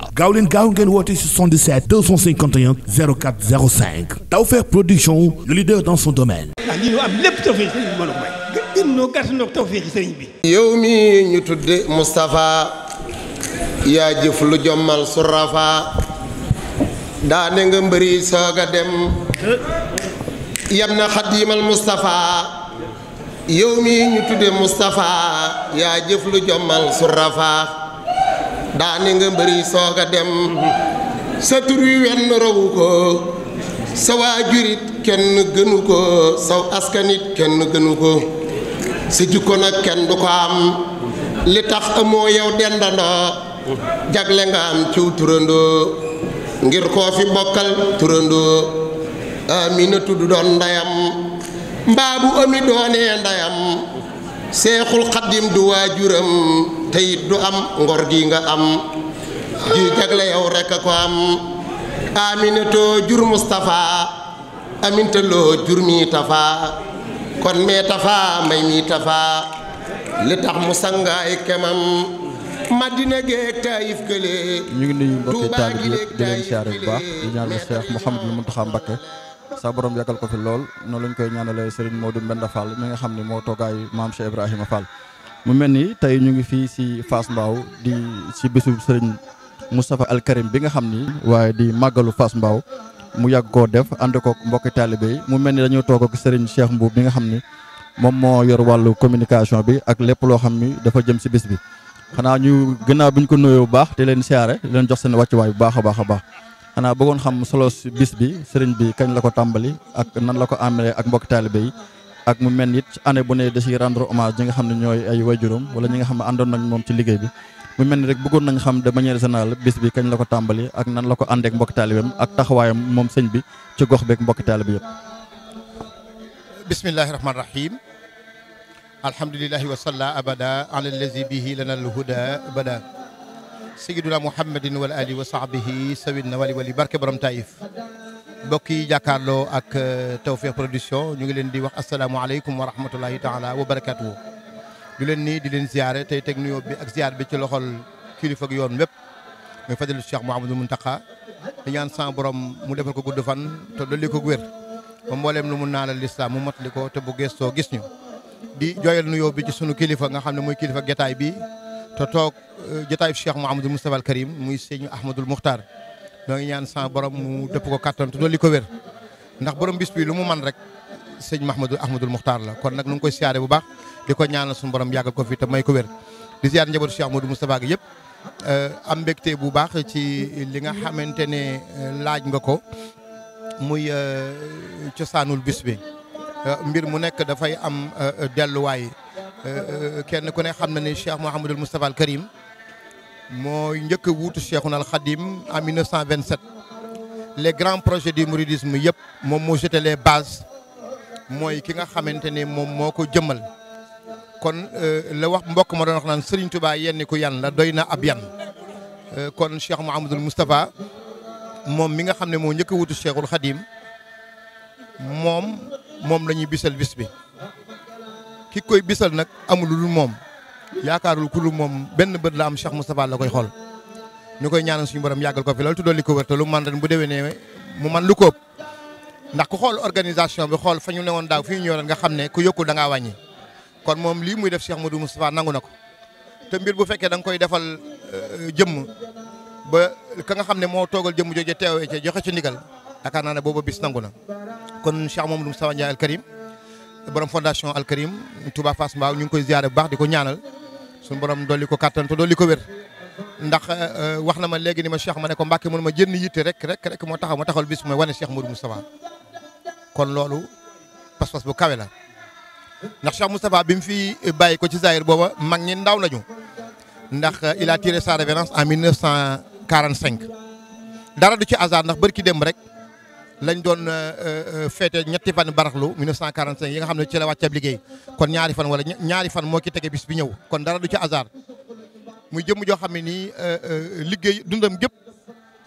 waaw gaaw leen gaaw ngeen woote 77 Production le leader dans son domaine. ah lii ñu am lépp tawfeex sëriñ a may. gën noo gàtt sëriñ bi. yow mi ñu tudde Moustapha yaa jëf lu jommal surafa daane nga mbëri soog a dem yam na xadiimal Moustapha yow mi ñu tudde Moustapha yaa jëf lu jommal surafa daane nga mbëri soog a dem sa tur wi wenn rawu ko sa waajurit kenn gënu ko saw askanit kenn gënu ko sa jikko nag kenn du ko am li tax amoo yow dendandoo jagle nga am ciw turandoo ngir koo fi bokkal turandoo amina tudd doon ndeyam mbaa bu ami doonee ndeyam seexul xaddim du waajuram te du am ngor gi nga am ji jagle yow rek a ko am aminatoo jur Moustapha amintaloo jur mi tafa kon mee tafa may mi tafa li tax mu sangaay kemam madina géeg taayif kële ñu ngi nuyu mbokki taalib yëpp di leen siyaare bu baax di ñaanal Cheikh Mouhamadul Mountakha Mbacké sa borom yàggal ko fi lool noonu lañ koy ñaanalee Serigne Modou Mbenda Fall mi nga xam ne moo toogaayu maam Cheikh Ibrahima Fall mu mel ni tey ñu ngi fii si Fass Mbao di si bésu sëriñ Moustapha Al Karim bi nga xam ni waaye di màggalu Fass Mbao mu yàgg koo def ànd ko mbokki taalibe yi mu mel ni dañoo toog ak sëriñ Cheikh Mbuub bi nga xam ni moom moo yor wàllu communication bi ak lépp loo xam ni dafa jëm si bés bi. xanaa ñu gannaaw bi ñu ko nuyoo bu baax te leen siyaare leen jox seen wàccuwaay bu baax a baax a baax xanaa bëggoon xam solo bis bi sëriñ bi kañ la ko tàmbali ak nan la ko amalee ak mbokki taalibe yi ak mu mel it année bu ne des ciy rendre hommage ñi nga xam ne ñooy ay waajuram wala ñi nga xam ne àndoon nañ moom ci liggéey bi mu mel ni rek bëggoon nañ xam de manière générale bis bi kañ la ko tàmbali ak nan la ko àndeek mbokki taalibeem ak taxawaayam moom sëñ bi ci gox beek mbokki taalibe yëpp bismillahi rahmaani rahim alhamdulilahi wasalla abada ala allazi bihi lana alhuda abada sayiduna muhammadin wala alihi wa sahbihi sa na wali wali barke borom taif mbokk yi jàkkaarloo ak euh, Tawfekh Production ñu ngi leen di wax asalaamaaleykum wa rahmatulahi taala wa barakaatu. du leen nii di leen ziare tey teg nuyoo bi ak ziar bi ci loxol kilifa ak yoon wépp muy fadalu Cheikh Mouhamadou Mountakha di ñaan sa borom mu defal ko gudd fan te dolli ko wér ba mbooleem lu mu naalal lislaam mu motali ko te bu geestoo gis ñu. di joyal nuyoo bi ci sunu kilifa nga xam ne mooy kilifa jotaay bi te toog euh, jotaay Cheikh Mouhamadou Moustapha al Karim muy sëñ Ahmadul Muxtaar doo ngi ñaan sa borom mu dëpp ko kattan te dolli ko wér ndax borom bis bi lu mu man rek sëñ Mahmadou Ahmadul Muxtaar la kon nag nu ngi koy siyaare bu baax di ko ñaanal suñu borom yàggal ko fi te may ko wér di siyaare njabootu Cheikh Ahmadou Moustapha gi yëpp eh, am mbégte bu baax ci li nga xamante ne eh, laaj nga ko muy eh, cosaanul bis bi mbir mu nekk dafay am delluwaay kenn ku ne xam na ne Cheikh mu Moustapha al Karim mooy njëkk a wuutu Cheikhoul Khadim en 1927 les grands projet du mouridisme yëpp moom moo jeté les bases mooy ki nga xamante ne moom moo ko jëmmal kon euh, la wax mbokk ma doon wax naan Serigne Touba yenn ku yan la doy na ab yan euh, kon Cheikh Mouhamadul Moustapha moom mi nga xam ne moo njëkk a wuutu Cheikhoul Khadim moom moom la ñuy bisal bis bi ki koy bisal nag amul lu dul moom. yaakaarul ku dul moom benn bët la am Cheikh Moustapha la koy xool ñu koy ñaanal suñu borom yàggal ko fi loolu tuddoo li ko wër te lu man ren bu déwénee mu man lu ko ndax ku xool organisation bi xool fa ñu newoon daaw fi ñu ñëw nga xam ne ku yokkul da ngaa wàññi kon moom lii muy def seex Cheikh Modou Moustapha nangu na ko te mbir bu fekkee da nga koy defal euh, jëmm ba ka nga xam ne moo toogal jëmm ja teewee ca joxe ci ndigal yaakaar naa ne booba bis nangu na kon Cheikh borom fondation Al Karim Touba Fass Mbao ñu ngi koy ziare bu baax di ko ñaanal suñu borom dolli ko kattan te dolli ko wér. ndax euh, euh, wax na ma léegi ni ma Cheikh ma ne ko Mbacke mun ma jënd yitte rek rek rek moo taxaw ma taxawal bis mooy wane Cheikh Modou Moustapha kon loolu pas-pas bu kawe la. ndax Cheikh Moustapha bi mu fi bàyyi ko ci Zahir booba mag ñi ndaw lañu ndax euh, il a tiré sa révérence en 1945 dara du ci hasard ndax bërki dem rek. lañ doon euh, euh, euh, féete ñetti fan baraxlu 1945 yi nga xam ne ci la wàcc ab liggéey kon ñaari fan wala ñaari fan moo ci tege bis bi ñëw kon dara du ci hasard muy jëmm joo xam ne nii liggéey dundam gépp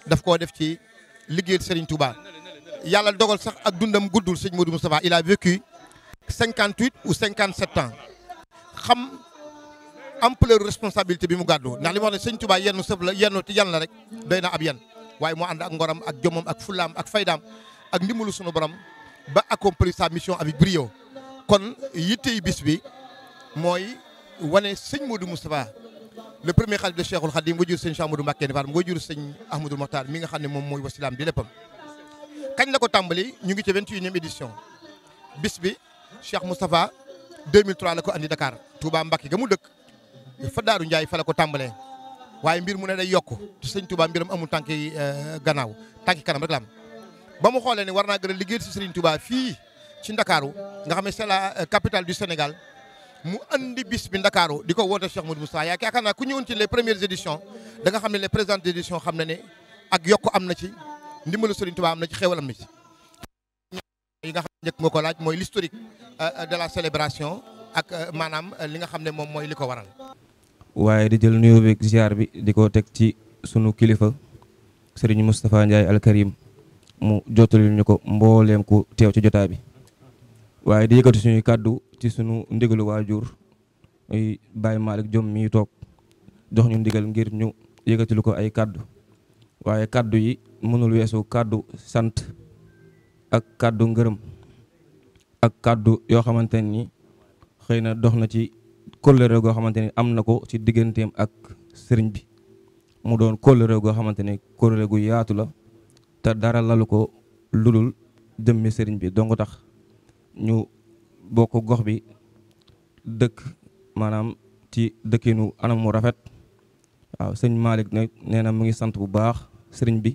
daf koo def ci liggéey Serigne Touba. yàlla dogal sax ak dundam guddul sëñ Modou Moustapha il a vécu cinquante huit ou cinquante sept ans xam ampleur responsabilité bi mu gàddu ndax li ma wax ne sëñ Touba yenn sëf la yenn yan la rek doy na ab yan. waaye moo ànd ak ngoram ak jomam ak fulaam ak faydaam ak ndimbalu sunu borom ba accomplir sa mission abi brio kon yittey bis bi mooy wane sëñ Modou Moustapha le premier khalife de Cheikhul Khadim wajur sëñ Cheikh Amadou Mbacké Fall wajur sëñ Ahmadou Mokhtar mi nga xam ne moom mooy wasilaam di léppam kañ la ko tàmbali ñu ngi ci 21e bis bi Cheikh Moustapha 2003 la ko andi Dakar Touba Mbacké ga mu dëkk fa Daaru Ndiaye fa la ko tàmbalee waaye mbir mu ne day yokk te sëñ Touba mbiram amul tànki eh, gannaaw tànki kanam rek am ba mu xoolee ne war naa gën a liggéey si sëriñ Touba fii ci Ndakaaru nga xam ne c'est la eh, capitale du Sénégal mu andi bis bi Ndakaaru di ko woote Cheikh Modou Moustapha yaakaar naa ku ñëwoon ci les premières éditions da xam ne les présentes éditions xam na ne ak yokk am na ci ndimbalu sëriñ Touba am na ci xéwal am na ci. yi nga xam ne njëkk ko laaj mooy l'historique eh, de la célébration ak maanaam li nga xam ne moom mooy li ko waral. waaye di jël nuyoo bi ziar bi di ko teg ci sunu kilifa sëriñ Moustapha Ndiaye alkarim mu jottali ñu ko mbooleem ku teew ci jotaa bi waaye di yëkkati suñuy kàddu ci sunu ndigalu waajur muy Baye Malick Diom mi toog dox ñu ndigal ngir ñu yëkkatilu ko ay kàddu waaye kàddu yi mënul weesu kàddu sant ak kàddu ngërëm ak kàddu yoo xamante ni xëy na dox na ci kóllëre goo xamante ni am na ko ci digganteem ak sëriñ bi mu doon kóllëre goo xamante ni kóllëre gu yaatu la te dara lalu ko ludul jëmmi sëriñ bi dong tax ñu bokk gox bi dëkk maanaam ci dëkkinu anam mu rafet waaw sëñ Malick nag nee na mu ngi sant bu baax sëriñ bi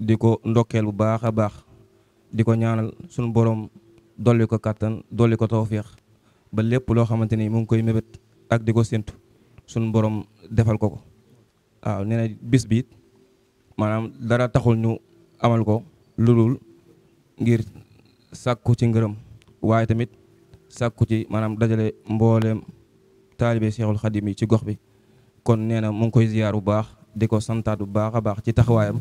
di ko ndokkeel bu baax a baax di ko ñaanal sunu boroom dolli ko kàttan dolli ko tawféex ba lépp loo xamante ni mu ngi koy mébét ak di ko séntu suñu borom defal ko ko waaw nee bis bi it maanaam dara taxul ñu amal ko lu dul ngir sàkku ci ngërëm waaye tamit sàkku ci maanaam dajale mbooleem taalibe Seexul Xadim yi ci gox bi kon nee na mu ngi koy ziyaar bu baax di ko santaat bu baax a baax ci taxawaayam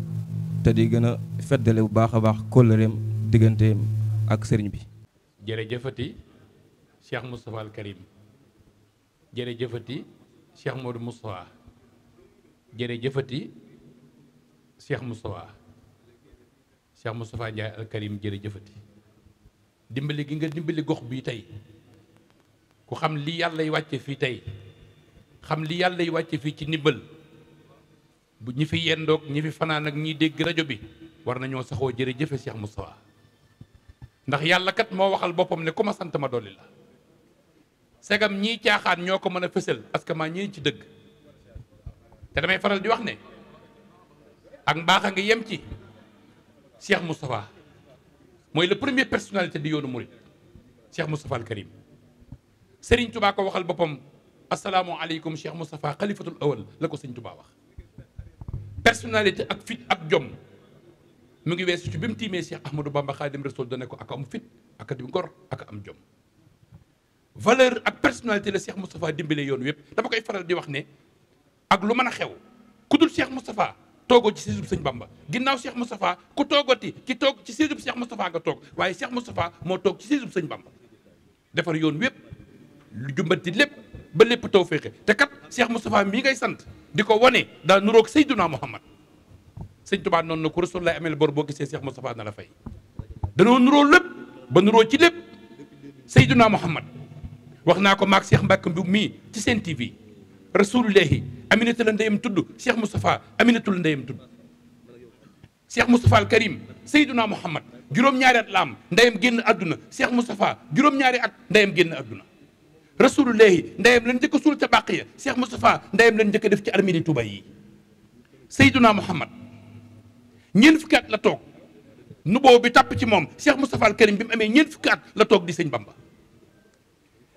te di gën a feddale bu baax a baax kóllëreem digganteem ak sëriñ bi cheikh Moustapha al Karim jërëjëfati cheikh Modou Moustapha jërëjëfati cheikh Moustapha cheikh Moustapha Ndiaye al Karim jërëjëfati dimbali gi nga dimbali gox bii tey ku xam li yàllay wàcce fii tey xam li yàllay wàcce fii ci ndimbal bu ñi fi yendoog ñi fi fanaan ak ñiy dégg rajo bi war nañoo saxoo jërëjëfe cheikh Moustapha ndax yàlla kat moo waxal boppam ne ku ma sant ma dolli la segam ñii caaxaan ñoo ko mën a fësal parce que maa ñii ci dëgg te damay faral di wax ne ak mbaax a nga yem ci Cheikh Moustapha mooy le premier personnalité di yoonu Mouride Cheikh Moustapha al Karim Serigne Touba ko waxal boppam asalaamualeykum Cheikh Moustapha xalifatul awal la ko Serigne tubaa wax personnalité ak fit ak jom mu ngi weesu ci bi mu tiimee Cheikh Ahmadou Bamba Khadim Rasoul dane ko ak am fit ak di ngor ak am jom valeur ak personnalité la Cheikh Moustapha dimbale yoon yëpp dama koy faral di wax ne ak lu mën a xew ku dul Cheikh Moustapha toogoo ci séddub sëñ Bamba ginnaaw Cheikh Moustapha ku toogati ki toog ci séddub Cheikh Moustapha nga toog waaye Cheikh Moustapha moo toog ci séddub sëñ Bamba defar yoon wépp lu jumbanti lépp ba lépp toog féexe te kat Cheikh Moustapha mii ngay sant di ko wane daa nuroog Seyduna Muhammad sëñ Tuubaa noonu na ko Rasulullah ameel bor boo gisee Cheikh Moustapha na la fay danoo nuroo lépp ba nuroo ci lépp Seyduna Muhammad wax naa ko maag Cheikh mbakk Mbow mii ci seen TV rasulullahi Aminata la ndeyam tudd Cheikh Moustapha Aminatu la ndeyam tudd Cheikh Moustapha al Karim Seyduna Muhammad juróom-ñaari at la am génn àdduna Cheikh Moustapha juróom-ñaari at ndeyam génn àdduna rasulullahi ndeyam lañ njëkk a suul ca bàq ya Cheikh Moustapha ndeyam njëkk def ci armée di Touba yi Seyduna Muhammad ñeent fukki at la toog nu boobu bi tàpp ci moom Cheikh Moustapha al Karim bi mu amee ñeent fukki la toog di sëñ Bamba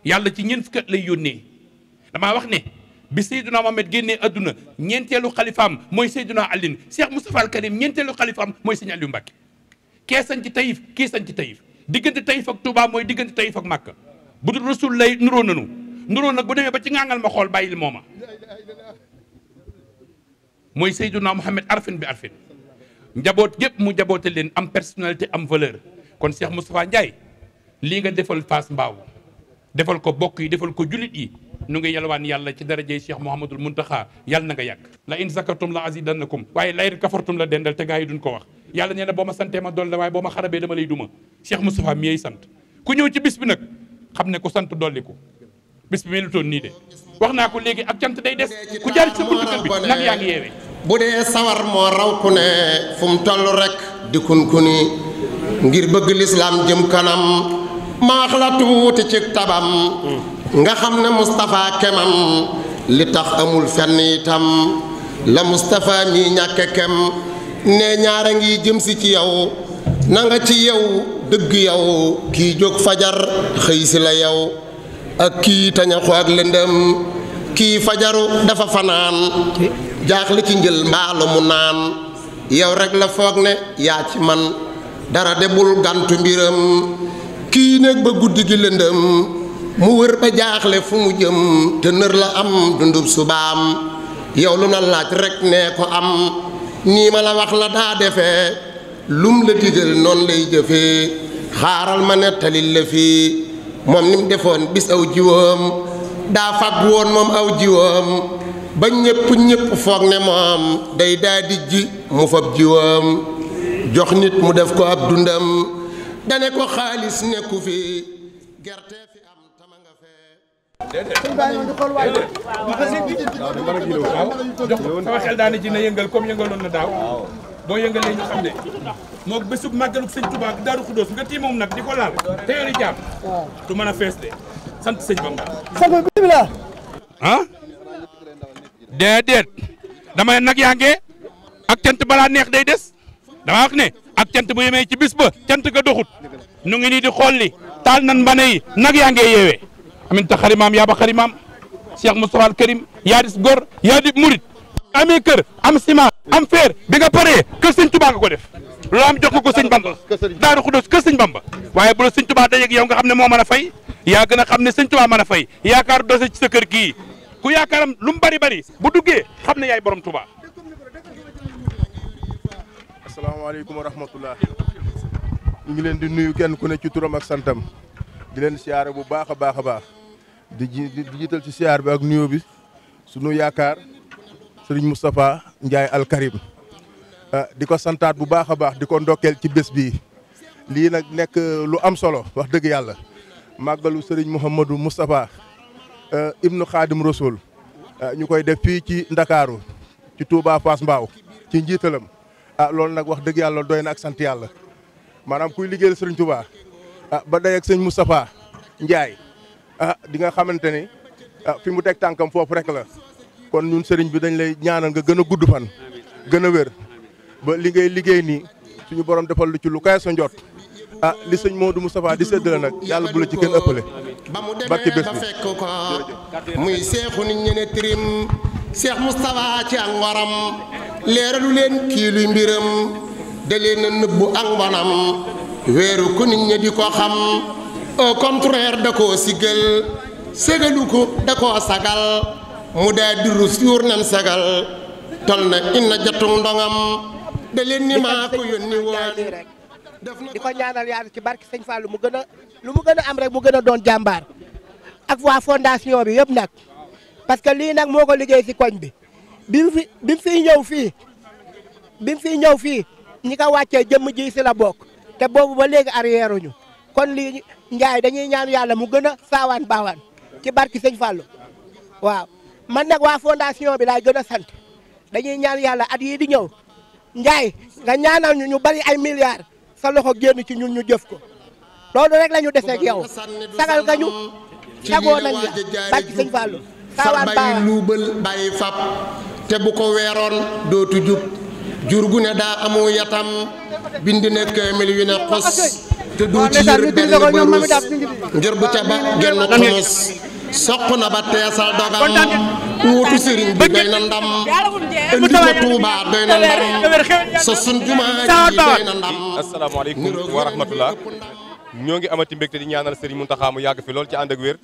yàlla ci ñeent fukki at lay yónnee damaa wax ne bi Seydina Mohamed génnee adduna ñeenteelu xalifaam mooy Seydina Alioune Cheikh Moustapha Al Karim ñeenteelu xalifaam mooy Sëñ Aliou Mbacké kee sañ ci Taïf kii sañ ci Taïf diggante Taïf ak mooy diggante Taïf ak Màkka bu dul rasul lay nuroo nanu nuroo nag bu demee ba ci ngangal ma xool bàyyil mooma mooy Seydina Mohamed arfin bi arfin njaboot gépp mu njaboote leen am personnalité am valeur kon Cheikh Moustapha Ndiaye lii nga defal Fass Mbao defal ko bokk yi defal ko jullit yi nu ngi yalwaan yàlla ci darajey cheikh mouhamadul muntaxa yàlla na nga yàgg la in zakartum la azidannakum waaye la kafartum la dendal te gaa yi duñ ko wax yàlla nee na boo ma santee ma dolli la waaye boo ma xarabee dama lay duma cheikh moustapha mi yey sant ku ñëw bis bi nag xam ne ku sant dolliku bis bi melutoon nii de wax naa ko léegi ak sant day des ku jaar ci sa buntu kër bi nag yaa ngi yeewee bu dee sawar moo raw ku ne fu mu rek di kunkuni ngir bëgg lislaam jëm kanam maax la tuuti ci tabam nga xam ne Moustapha kemam li tax amul fenn itam la Moustapha mi ñàkk kem ne ñaara ngi jëm si ci yow na nga ci yow dëgg yow kii jóg fajar xëysi la yow ak kii tañaxu ak lëndëm kii fajaru dafa fanaan jaaxle ci njël mbaalu mu naan yow rek la foog ne yaa ci man dara debul gantu mbiram kii néeg ba guddi gi lëndëm mu wër ba jaaxle fu mu jëm te nër la am dundub subaam yow lu na laaj rekk nee ko am nii ma la wax la daa defe lum la digal noonu lay jëfe xaaral ma nettalil la fii moom ni defoon bis aw jiwam daa fàgg woon moom aw jiwam ba ñépp ñépp foog ne moom day daa di ji mu fab jiwam jox nit mu def ko ab dundam dane ko xaalis nekku fi gerte fi am tama nga fee sama xel daana ci na yëngal comme yëngaloon na daaw boo yëngalee ñu xam ne moog bésub màggalu sëñ Tuubaa ak Daaru Xudóos nga tiimoom nag di ko laal te yori jàmm du man a fees de sant sëñ Bamba sant bismillah ah déedéet damay nag yaa ngee ak cant balaa neex day des dama wax ne ak cant bu yemee ci bis ba cant ga doxut ñu ngi nii di xolli taal nan mbane yi nag yaa ngee yeewee amin ta xarimaam yaa ba xarimaam Cheikh Moustapha al Karim yaa dis gor yaa di murit amee kër am ciment am fer bi nga paree kër sëñ Tuubaa nga ko def loo am jox nga ko sëñ Bamba Daaru Xudoos kër sëñ Bamba waaye bu la sëñ Tuubaa dajeeg yow nga xam ne moo man a fay yaa gën a xam ne sëñ Tuubaa mën a fay yaakaar dose ci sa kër gii ku yaakaaram lu mu bari bari bu duggee xam ne yaay borom Tuubaa asalaamaaleykum wa rahmatullah ñu ngi leen di nuyu kenn ku ne ci turam ak santam di leen siyaare bu baax a baax a baax di di jiital ci siyaar bi ak nuyoo bi sunu yaakaar sëriñ Moustapha njaay alkarim ah, di ko santaat bu baax a baax di ko ndokkeel ci bés bii lii nag nekk uh, lu am solo wax dëgg yàlla màggalu sëriñ Mouhamadou Moustapha uh, ibnu Khadim Rasoul ah, ñu koy def ci Ndakaaru ci Touba Fass Mbao ci njiitalam ah loolu nag wax dëgg yàlla doy na ak sant yàlla maanaam kuy liggéey sëriñ Touba ah ba day ak sëñ Moustapha Ndiaye a ah, di nga xamante ni ah, fi mu teg tànkam foofu rek la kon ñun sëriñ bi dañ lay ñaanal nga gën a gudd fan gën a wér ba liggéey liggéey nii suñu borom defal lu ci lu kaay sa a ah, li sëñ Modou Moustapha di séddale nag yàlla bu la ci kenn ëppale. ba mu demee ba fekk ko muy seexu nit ñi ne tirim seex Moustapha ci ak leeralu leen kii mbiram da leen nëbbu ak weeru ku nit ñi di ko xam au contraire da koo sigal ségalu ko da koo sagal mu daa diru suur nam sagal tol na inna jatug ndongam da leen ni maa ko yónni woon di ko ñaanal yàlla ci barke sëñ Fallou mu gën a lu mu gën a am rek mu gën a doon jàmbaar ak waa fondation bi yëpp nak parce que lii nag moo ko liggéey si koñ bi bi fi bi mu fiy ñëw fii bi fiy ñëw fii ñi ko wàccee jëmm ji si la bokk te boobu ba léegi arrière kon lii Ndiaye dañuy ñaan yàlla mu gën a saawaan baawaan ci barke sëñ Fallou waaw man nak waa fondation bi laay gën a sant dañuy ñaan yàlla at yii di ñëw Ndiaye nga ñaanal ñu ñu bari ay milliards. sa loxo génn ci ñun ñu jëf ko loolu rek la ñu dese ak yow sagal nga ñu sagoo nañ la barki sëñ Fallou saawaan luubal bàyyi fab te bu ko weeroon dootu jub jur gu ne daa amoo yatam bind ne kaamil yu ne xos te du ci yër benn ngir bu ca ba genn xoos soq na ba teesal dogal wuutu sëriñ bi doy na ndam indi ko Touba doy na ndam sa sun jumaa ji doy na ndam asalaamaaleykum wa rahmatullah ñoo ngi amati mbégte di ñaanal sëriñ Muntaxa mu yàgg fi lool ci ànd ak wér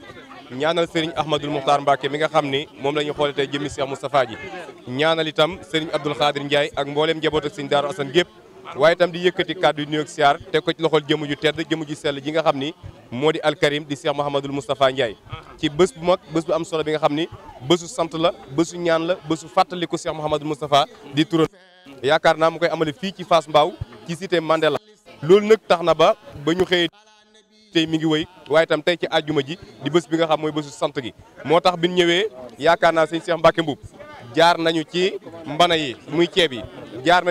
ñaanal sëriñ Ahmadul Muxtaar Mbàkke mi nga xam ni moom la ñu xoole tey jëmmi Cheikh Moustapha ji ñaanal itam sëriñ Abdul Xaadir Ndiaye ak mbooleem njaboot ak sëriñ Daaru Asan gépp waaye itam di yëkkati kàddu yu nuyoog siyaar teg ko ci loxol jëmm ju tedd jëmm ju sell ji nga xam ni moo di alkarim di Cheikh Mouhamadul Moustapha Ndiaye ci bés bu mag bés bu am solo bi nga xam ni bésu sant la bésu ñaan la bésu fàttaliku Cheikh Mouhamadul Moustapha di tural yaakaar naa mu koy amale fii ci Fass Mbao ci cité Mandela loolu nag tax na ba ba ñu xëyee tey mi ngi wéy waaye itam tey ci àjjuma ji di bés bi nga xam mooy bésu sant gi moo tax bi ñu ñëwee yaakaar naa sëñ Cheikh Mbacke Mbuub jaar nañu ci mbana yi muy ceeb yi jaar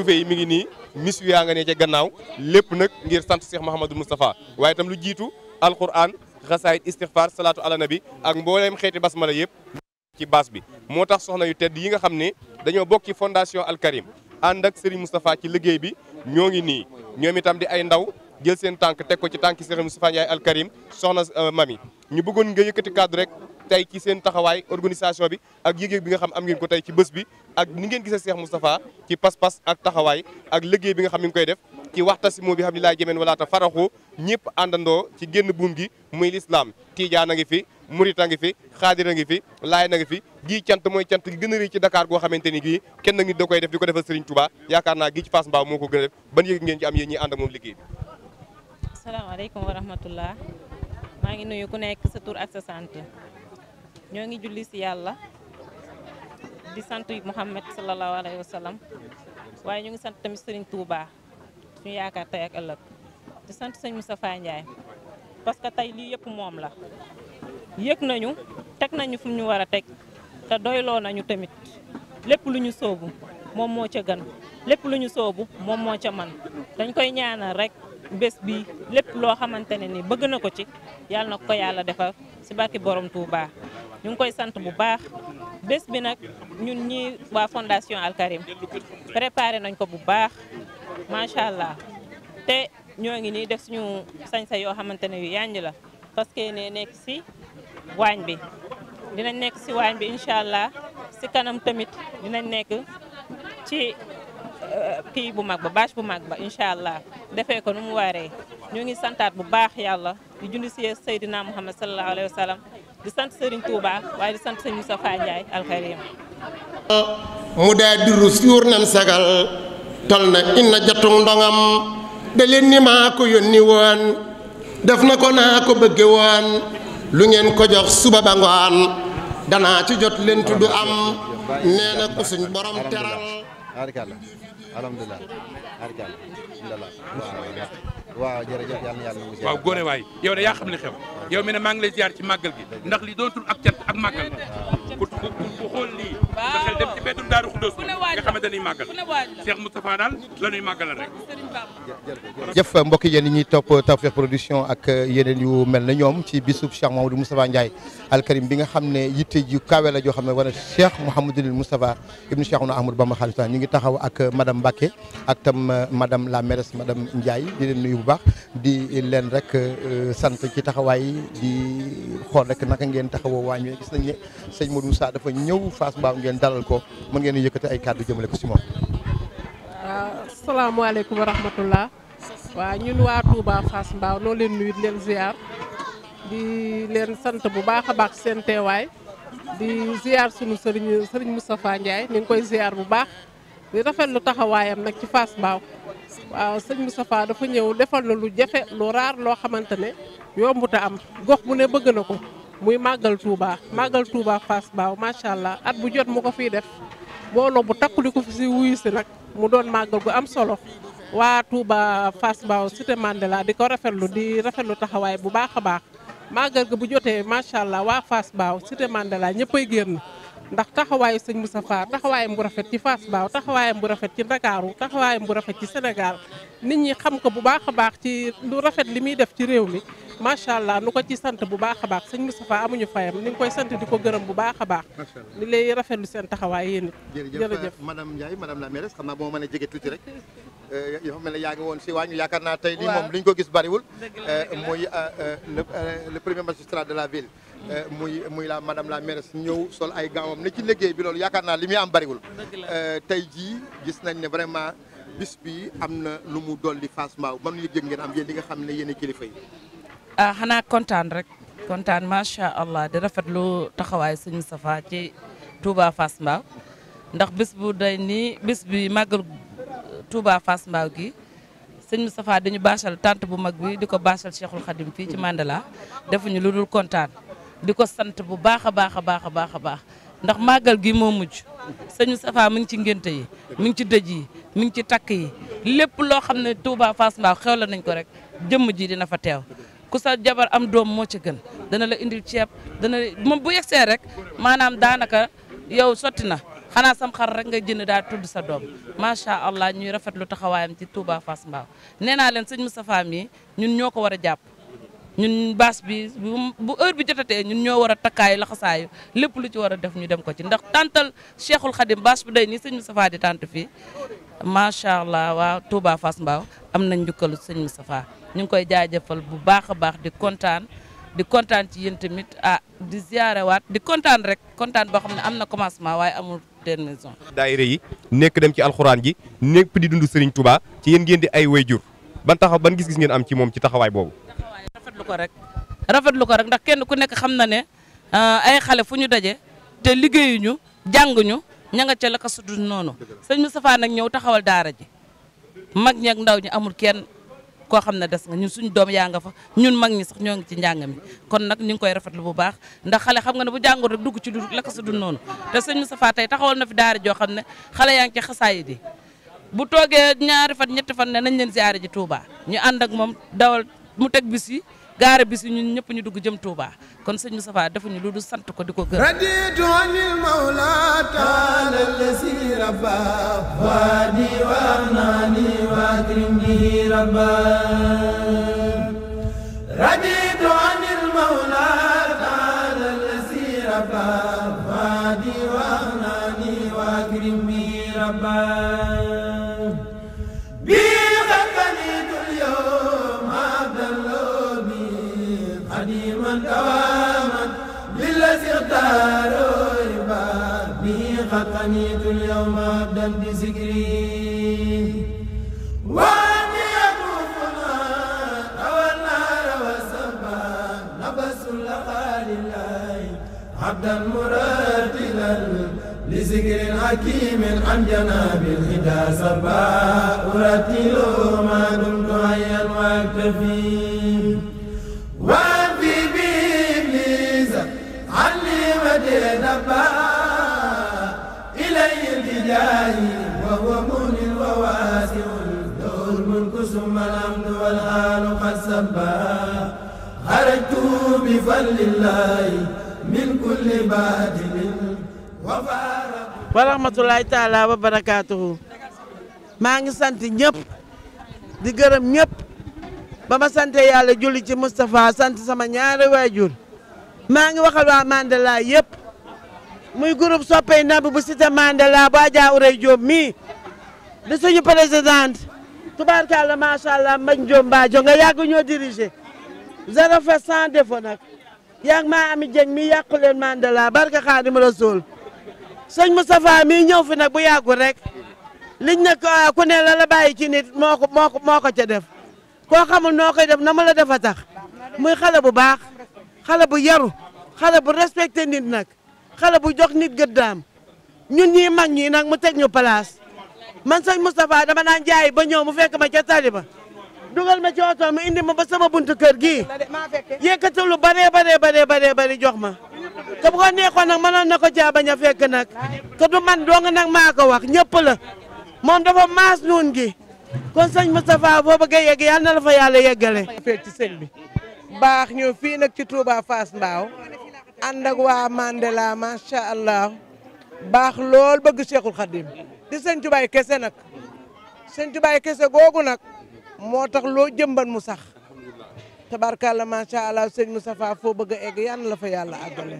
dufe yi mi ngi nii mis yaa nga ne ca gannaaw lépp nag ngir sant Cheikh Mouhamadou Moustapha waaye itam lu jiitu alquran xasaayit istixfar salaatu ala nabi ak mbooleem xeeti basmala yëpp ci baas bi moo tax soxna yu tedd yi nga xam ne dañoo bokk ci fondation Al Karim ànd ak Serigne Moustapha ci liggéey bi ñoo ngi nii ñoom itam di ay ndaw jël seen tànk teg ko ci tànki Serigne Moustapha Ndiaye Al Karim soxna euh, mami ñu bëggoon nga yëkkati kaddu rek tey ci seen taxawaay organisation bi ak yëg-yëg bi nga xam am ngeen ko tey ci bés bi ak ni ngeen gisee Cheikh Moustapha ci pas-pas ak taxawaay ak liggéey bi nga xam ngi koy def ci waxtasimo bi xam ni laa jëmeen wala ta faraxu ñëpp àndandoo ci génn buum gi muy lislaam tiijaan a ngi fi murit a ngi fi xaadir a fi laay na ngi fi gii cant mooy cant gi gën a rëy ci Dakar goo xamante ni gii kenn nit da koy def di ko defal Serigne Touba yaakaar ci Fass Mbao moo ko gën a def ban yëg ngeen ci bi asalaamaaleykum maa ngi nuyu ku nekk sa tur ak sa sant ñoo ngi julli ci yàlla di sant Muhammad sallallahu alayhi wa sallam waaye ñu ngi sant tamit Serigne Touba suñu yaakaar tey ak ëllëg di sant sëñ Moustapha Ndiaye parce que tey lii yëpp moom la yëg nañu teg nañu fu ñu war a teg te doyloo nañu tamit lépp lu ñu soobu moom moo ca gën lépp lu ñu soobu moom moo ca man dañ koy ñaanal rek bés bi lépp loo xamante ne ni bëgg na ko ci yàlla na ko yàlla defar si barki borom Touba ñu ngi koy sant bu baax bés bi nag ñun ñi waa fondation Alkarim préparé nañ ko bu baax macha allah te ñoo ngi nii def suñu sañsa yoo xamante ne yu yànj la parce que ne nekk si waañ bi dinañ nekk si waañ bi incha allah si kanam tamit dinañ nekk ci kii bu mag ba bâche bu mag ba incha allah defee ko nu mu waaree ñoo ngi santaat bu baax yàlla di julli si Seydina Muhammad sallallahu alayhi wa sallam di sant Serigne Touba waaye di sant sëñ Moustapha Ndiaye alxarim mu daa diru suur nan sagal tol na inna jattung ndongam da maa ko yónni woon def na ko naa ko bëgge woon lu ngeen ko jox suba ba ngoon danaa ci jot leen tudd am nee na ko borom teral harikalla alhamdulilah harikalla alhamdulilah waaw waaw jërëjëf yàlla yàlla na waaw waay yow de yaa xam li xew yow mi ne maa ngi lay ziar ci màggal gi ndax li dootul ak cant ak màggal ku ku xool lii nga xel dem ci bettu daaru xuddoos nga xamante ni màggal Cheikh Moustapha daal la ñuy màggalal rek jëf mbokk yéen ñi topp Tawfekh Production ak yeneen yu mel na ñoom ci bisub Cheikh Mamadou Moustapha Ndiaye Al Karim bi nga xam ne yitte ju kawe joo xam ne war na Cheikh Mouhamadoul Moustapha ibnu Cheikh Ahmadou Bamba Xalifa ñu ngi taxaw ak madame Mbacké ak tam madame la mairesse madame Ndiaye bu baax di leen rek euh, sant ci taxawaay di xool rek naka ngeen taxawoo waañ wi gis nañ ne sëñ Modou Moussa dafa ñëw faas Mbao ngeen dalal ko mën ngeen yëkkati ay kàddu jëmale ko si moom. waaw ah, salaamaaleykum wa rahmatullah waa ñun waa Touba Fass Mbao noo leen nuyu di leen ziar di leen sant bu baax a baax seen teewaay di ziar sunu sëriñ sëriñ Moustapha Ndiaye ni ngi koy ziar bu baax di rafetlu taxawaayam nag ci Fass Mbao waaw sëñ Moustapha dafa ñëw defal na lu jafe lu raar loo xamante ne yombut a am gox bu ne bëgg na ko muy màggal Touba màggal Touba Fass Baaw macha allah at bu jot mu ko fii def mbooloo bu takku di ko fi si wuyu si nag mu doon màggal gu am solo waa Touba Fass Baaw cité Mandela di ko rafetlu di rafetlu taxawaay bu baax a baax màggal gi bu jotee macha allah waa Fass Baaw cité Mandela ñëppay génn. ndax taxawaayu sëñ Moustapha taxawaayam bu rafet ci Fass Baaw taxawaayam bu rafet ci Ndakaaru taxawaayam bu rafet ci Sénégal nit ñi xam ko bu baax a baax ci lu rafet li muy def ci réew mi macha allah nu ko ci sant bu baax a baax sëñ Moustapha amuñu fayam ni koy sant di ko gërëm bu baax a baax li lay rafetlu seen taxawaay yéen it jërëjëf madame Ndiaye madame la mairesse xam naa boo mën a jege tuuti rek dafa eh, mel ne yaa ngi woon si waañu yaakaar naa tey lii moom li ñu ko gis bariwul eh, mooy ah, eh, le premier magistrat de la ville muy muy la madame la mairesse ñëw sol ay gaawam ne ci liggéey bi loolu yaakaar naa li muy am bariwul tey jii gis nañ ne vraiment bis bi am na lu mu dolli Fass Mbao man ñu jëg ngeen am yéen li nga xam ne yéen kilifa yi ah xanaa kontaan rek kontaan macha allah di rafetlu taxawaay sëñ Moustapha ci Touba Fass Mbao ndax bis bu day nii bis bi màggal Touba Fass Mbao gi sëñ Moustapha dañu baachal tante bu mag bi di ko baasal Cheikhul Khadim fii ci Mandela defuñu lu dul kontaan di ko sant bu baax a baax a baax a baax a baax ndax màggal gi moo mujj sëñ Moustapha mi ngi ci ngénte yi mi ngi ci dëj yi mi ngi ci takk yi lépp loo xam ne Touba Fass Mbao xew la nañ ko rek jëmm ji dina fa teew ku sa jabar am doom moo ci gën dana la indil ceeb dana moom bu yegsee rek maanaam daanaka yow sotti na xanaa sam rek nga jënd daa tudd sa doom macha allah ñuy rafet lu taxawaayam ci Touba Fass Mbao nee naa leen sëñ Moustapha mi ñun ñoo ko war a jàpp ñun baas bi bu heure bi jotatee ñun ñoo war a takkaayu laxasaayu lépp lu ci war a def ñu dem ko ci ndax tàntal Cheikhul Khadim baas bu day ni sëñ safaa di tànt fii macha allah waa Touba Fass Mbao am nañ njukkalu sëñ safaa ñu ngi koy jaajëfal bu baax a baax di kontaan di kontaan ci yéen ah di ziarewaat di kontaan rek kontaan boo xam ne am na commencement waaye amul Moderne Maison. daayira yi nekk dem ci alxuraan ji nekk di dund Serigne tubaa ci yéen ngeen di ay wayjur ban taxaw ban gis-gis ngeen am ci moom ci taxawaay boobu. taxawaay lu ko rek rafetlu ko rek ndax kenn ku nekk xam na ne euh, ay xale fu ñu daje te liggéeyuñu jànguñu ña nga ca la ko sudul noonu sëñ Moustapha nag ñëw taxawal daara ji mag ñi ndaw ñi amul kenn. koo xam ne des nga ñun suñu doom yaa nga fa ñun mag ñi sax ñoo ngi ci njàng mi kon nag ñu ngi koy rafetlu bu baax ndax xale xam nga ne bu jàngoon rek dugg ci du la ko su dul noonu te sëñ Moustapha tey taxawal na fi daara joo xam ne xale yaa ngi ci xasaayid yi bu toogee ñaari fa ñetti fan ne nañ leen ziare ji Touba ñu ànd ak moom dawal mu teg bis yi gaare bis yi ñun ñëpp ñu dugg jëm Touba kon sëñ Moustapha defuñu sant ko di ko gërëm قنيت اليوم عبدا بذكري وأني أطوفنا روى النار وسبا نبس لقى لله عبدا مرتلا لذكر حكيم عن جناب الهدى سربا أرتل ما دمت حيا وأكتفي وهو مؤمن وواسع wa barakaatuhu maa ngi sant ñëpp di gërëm ñëpp ba ma sante yàlla ci Moustapha sant sama ñaari waajur maa ngi waxal waa Mandela yëpp muy groupe soppey nabu bu Cité Mandela bu Adja Ourey Diop mii di suñu présidente tubaarkàlla macha allah Mbagne Diop Mbadio nga yàgg ñoo diriger zéro fa sans défaut nag yaa ngi maa ami jëng mi yàqu leen Mandela barka Xaadim Rasul sëñ Moustapha mii ñëw fi nag bu yàggul rek liñ nag ah, ku ne la la bàyyi ci nit moo ko moo ko moo ko ca def xamul noo koy def na mu la defa tax muy xale bu baax xale bu yaru xale bu respecté nit nag xale bu jox nit gëddaam ñun ñii mag ñi nag mu teg ñu place man sëñ Moustapha dama naan jaay ba ñëw mu fekk ma ca tali ba dugal ma ci oto mu indi ma ba sama buntu kër gii yëkkati lu baree baree baree baree bari jox ma te bu ko neexoon nag mënoon na ko caa bañ a fekk nag te man dong nag maa ko wax ñëpp la moom dafa maas nuun gi kon sëñ Moustapha boo bëggee yegg yàlla na la fa yàlla yeggale. fekk ci sëñ baax ñëw fii nag ci Touba Fass Mbao ànd ak waa Mandela macha allah baax lool bëgg Cheikhul Khadim di sëñ Tubaay kese nag sëñ Tubaay kese googu nag moo tax loo jëmban mu sax tabarkàlla macha allah sëñ Moustapha foo bëgg egg yan la fa yàlla àggale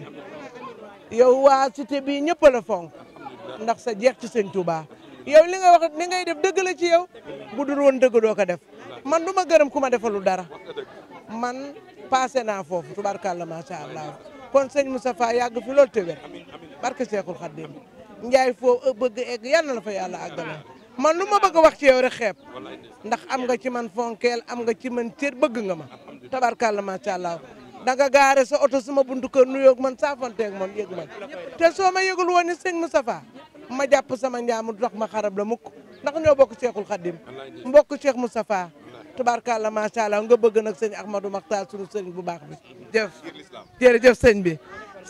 yow waa cité bii ñëpp la fonk ndax sa jeex ci sëñ Touba yow li nga wax li ngay def dëgg la ci yow bu dul woon dëgg doo ko def man du ma gërëm ku ma defalu dara man passé naa foofu tubarkàlla macha allah. kon sëñ Moustapha yàgg fi loolu te wér barke Seexul Xaddim Njaay foo bëgg egg yal na la fa yàlla àggale man lu ma bëgg wax ci yow rek xeeb ndax am nga ci man fonkeel am nga ci man cër bëgg nga ma tabarkàlla macha allah da nga gaare sa oto suma buntu kër nuyoog man saafonteeg man yëg man te soo ma yëgul woon ni sëñ Moustapha ma jàpp sama njaamu tax ma xarab la mukk ndax ñoo bokk Seexul Xaddim mbokk Cheikh Moustapha tubaarkàlla macha allah nga bëgg nag sëñ Ahmadou Makhtar sunu sëriñ bu baax bi. jëf jërëjëf sëñ bi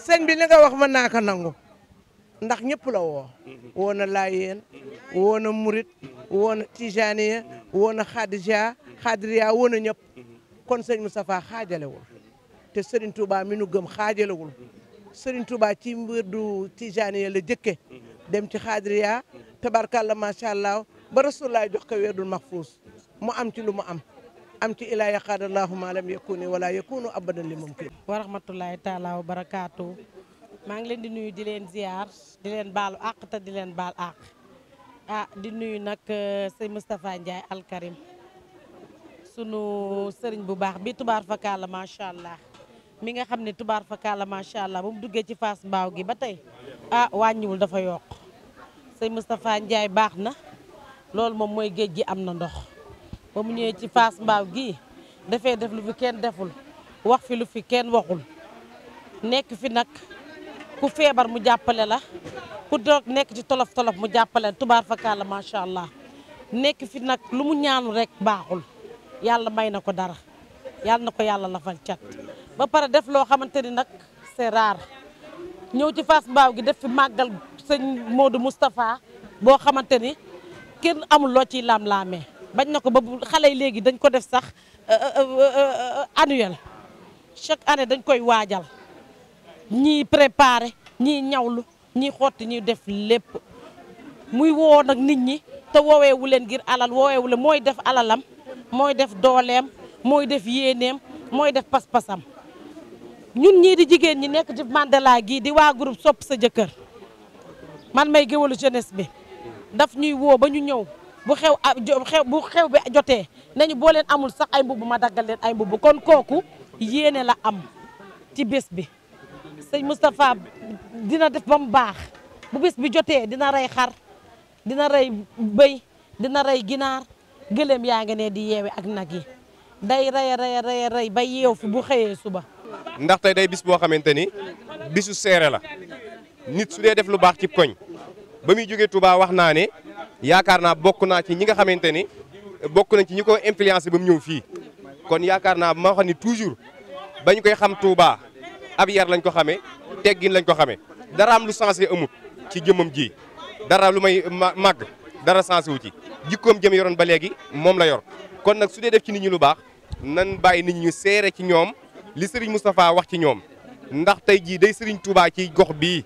sëñ bi li nga wax mën naa ko nangu ndax ñëpp la woo. woo na Laayeen woo na Murit woo na Tijaaniya woo na Xadija Xadriya woo na ñëpp kon sëñ Moustapha xaajalewul te sëriñ Touba mi nu gëm xaajalewul sëriñ Touba ci mbir du Tijaaniya la jëkke dem ci Xadriya tabarkàlla macha allah ba Rasulullah jox ko weerdul maxfuus mu am ci lu mu am am ci ilaa yaqaada allahu ma lam yakuni wala yakunu abadan li mumkin wa rahmatullahi taala wa barakaatu maa ngi leen di nuyu di leen ziar di leen baalu àq te di leen baal àq ah di nuyu nag eh, sëñ Moustapha Ndiaye alkarim sunu sëriñ bu baax bi tubaar fakala macha allah mi nga xam ne tubaar fakala macha allah bu mu duggee ci Fass mbaaw gi ba tey ah wàññiwul dafa yokk sëñ Moustapha Ndiaye baax na loolu moom mooy géej gi am na ndox ba mu ñëwee ci Fass mbaaw gi dafay def fi kenn deful wax fi lu fi kenn waxul nekk fi nag ku feebar mu jàppale la ku doog nekk ci tolof tolof mu jàppale tubaar fakkaat la macha allah nekk fi nag lu mu ñaanu rek baaxul yàlla may na ko dara yàlla na ko yàlla lafal cat ba pare def loo xamante ni nag c'est rare ñëw ci Fass mbaaw gi def fi màggal sëñ Modou Moustapha boo xamante ni kenn amul loo ci laam bañ na ko ba xale yi léegi dañ ko def sax euh, euh, euh, annuel chaque année dañ koy waajal ñii préparer ñii ñawlu ñii xotti ñii def lépp muy woo nag nit ñi te wooweewu leen ngir alal wooweewu leen mooy def alalam mooy def dooleem mooy def yéeneem mooy def pas-pasam ñun ñii di jigéen ñi nekk ci Mandela gii di waa groupe sopp sa jëkkër man may géwalu jeunesse bi daf ñuy woo ba ñu ñëw bu xew a xew bu xew bi jotee nañu boo leen amul sax ay mbubb ma daggal leen ay mbubb kon kooku yéene la am ci bés bi sëñ Moustapha dina def ba mu baax bu bés bi jotee dina rey xar dina rey bëy dina rey ginaar gëléem yaa ngi ne di yeewe ak nag yi day rey rey rey rey ba yeew fi bu xëyee suba ndaxte day bis boo xamante ni bisu seere la nit su dee def lu baax ci koñ ba muy jógee Touba wax naa ne yaakaar naa bokk naa ci ñi nga xamante ni bokk nañ ci ñi ko influencé ba mu ñëw fii kon yaakaar naa ma xam ne toujours bañ koy xam Touba ab yar lañ ko xamee teggin lañ ko xamee dara am lu sensé amut ci jëmmam ji dara lu may màgg dara sensé wu ci jikkoom jëm yoroon ba léegi moom la yor kon nag su dee def ci nit ñi lu baax nan bàyyi nit ñi ñu seere ci ñoom li Serigne Moustapha wax ci ñoom ndax tey jii day Serigne Touba ci gox bii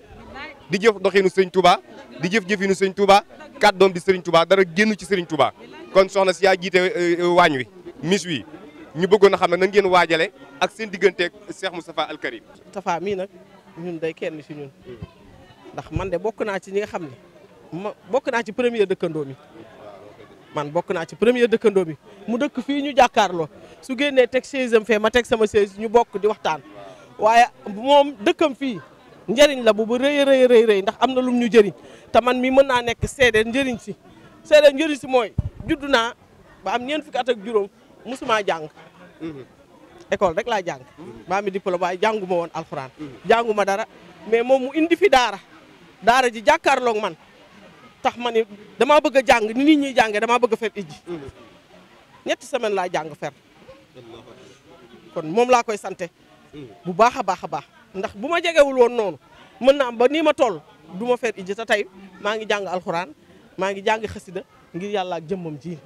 di jëf doxinu sëriñ Touba di jëf jëfinu sëriñ Touba kàddoom di sëriñ Touba dara génn ci sëriñ Touba kon soxna si yaa jiite euh, waañ wi mis wi ñu bëggoon a xam ne na ngeen waajale ak seen digganteek Cheikh Moustapha Al Karim Moustapha mii nag ñun day kenn si ñun ndax man de bokk naa ci ñi nga xam ne ma bokk naa ci premier dëkkandoo mi man bokk naa ci premier dëkkandoo mi mu dëkk fii ñu jàkkaarloo su génnee teg chaise am fee ma teg sama chaise ñu bokk di waxtaan waaye moom dëkkam fii njëriñ la bu bu rëy rëy rëy rëy ndax am na lum ñu jëriñ te man mi mën naa nekk seede njëriñ si seede njëriñ si mooy juddu naa ba am ñeent fukki at ak juróom mosumaa jàng école rek laa jàng maa mhm. mi diplôme waaye jàngu ma woon alxuraan mhm. jàngu ma dara mais moom mu indi fi daara daara ji jàkkaarloog man tax ma ni damaa bëgg a jàng ni nit ñuy jàngee damaa bëgg a fer ijji mhm. ñetti semaine laa jàng fer kon moom laa koy sante bu baax a baax a baax ndax bu ma jegewul woon noonu mën na am ba nii ma toll du ma feet ijji te tey maa ngi jàng alxuraan maa ngi jàng xasida ngir yàlla jëmmam ji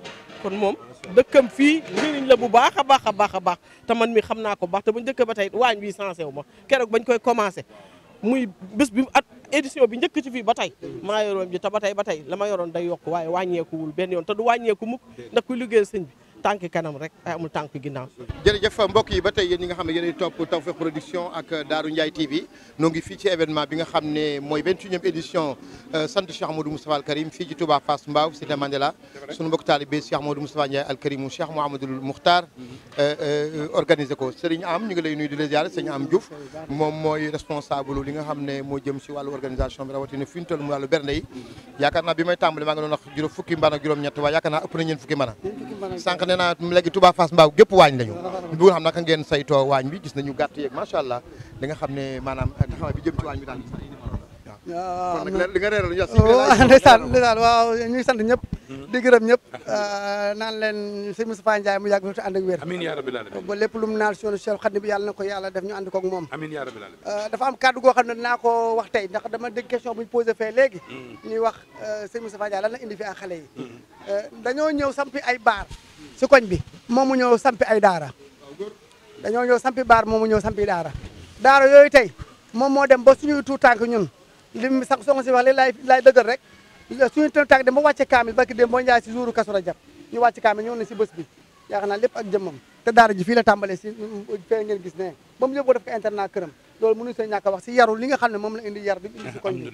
kon moom dëkkam fii njëriñ la bu baax a baax a baax a baax te man mi xam naa ko baax te bu njëkk ba tey waañ bi sensé wu ma keroog bañ koy commencé muy bés bi at édition bi njëkk ci fii ba tey maa yoroon ji te ba tey ba tey la ma yoroon day yokk waaye wàññeekuwul benn yoon te du wàññeeku mukk ndax kuy liggéeyal sëñ bi tànk kanam rek ay amul tànk ginnaaw. jërëjëf mbokk yi ba tey yéen ñi nga xam ne yéenay topp Tawfekh Production ak Daaru Ndiaye TV noo ngi fii ci événement bi nga xam ne mooy 21e édition euh, sant Cheikh Amadou Moustapha Al Karim fii ci Touba Fass Mbao Cité Mandela. sunu mbokk taalibe Cheikh Amadou Moustapha Ndiaye Al Karim Cheikh Mouhamadoul Moukhtar. Euh, euh, ko Serigne Am ñu ngi lay nuyu di la ziare Am Diouf moom mooy responsable li nga xam ne moo jëm si wàllu organisation bi rawatina fi ñu toll mu wàllu bernde yi. yaakaar naa bi may tàmbali maa ngi doon juróom fukki mbaa juróom-ñett waaye yaakaar naa ëpp na ñeen fukki mbaa nee naa léegi Touba Fass Mbao gépp waañ lañu bu nga xam naka ngeen saytoo waañ bi gis nañu gàtt yeeg macha allah li nga xam ne maanaam taxawaay bi jëm ci waañ bi daal waaw ah, li nga reeral oh, ndeysaan ndeysaan waaw ñu ngi sant ñëpp di gërëm ñëpp ah, naan leen sëñ Moustapha Ndiaye mu yàgg fi te ànd ak wér amiin yaa rabbil lépp lu mu naal sunu Cheikh Xadim bi yàlla na ko yàlla def ñu ànd koog moom amiin yaa rabbil alamin ah, am kàddu goo xam ne naa ko wax tey ndax dama dégg question bu ñu posé fee léegi mm. ñuy wax sëñ Moustapha Ndiaye lan la indi fi a xale yi mm. dañoo ñëw sampi ay baar si koñ bi moom mu ñëw sampi ay daara dañoo ñëw sampi baar moom mu ñëw sampi daara daara yooyu tey moom moo dem ba suñuy tuutànk ñun lim sax soxna si wax li laay laay dëggal rek suñu tën tànk de ma wàcce kaamil barki dem moo njaay si jouru kasura jàpp ñu wàcce kaamil ñëw na si bés bi naa lépp ak te daara ji la tàmbalee si fee gis ne ba mu yóbbu ko wax si yaru li nga ne moom la indi yar bi indi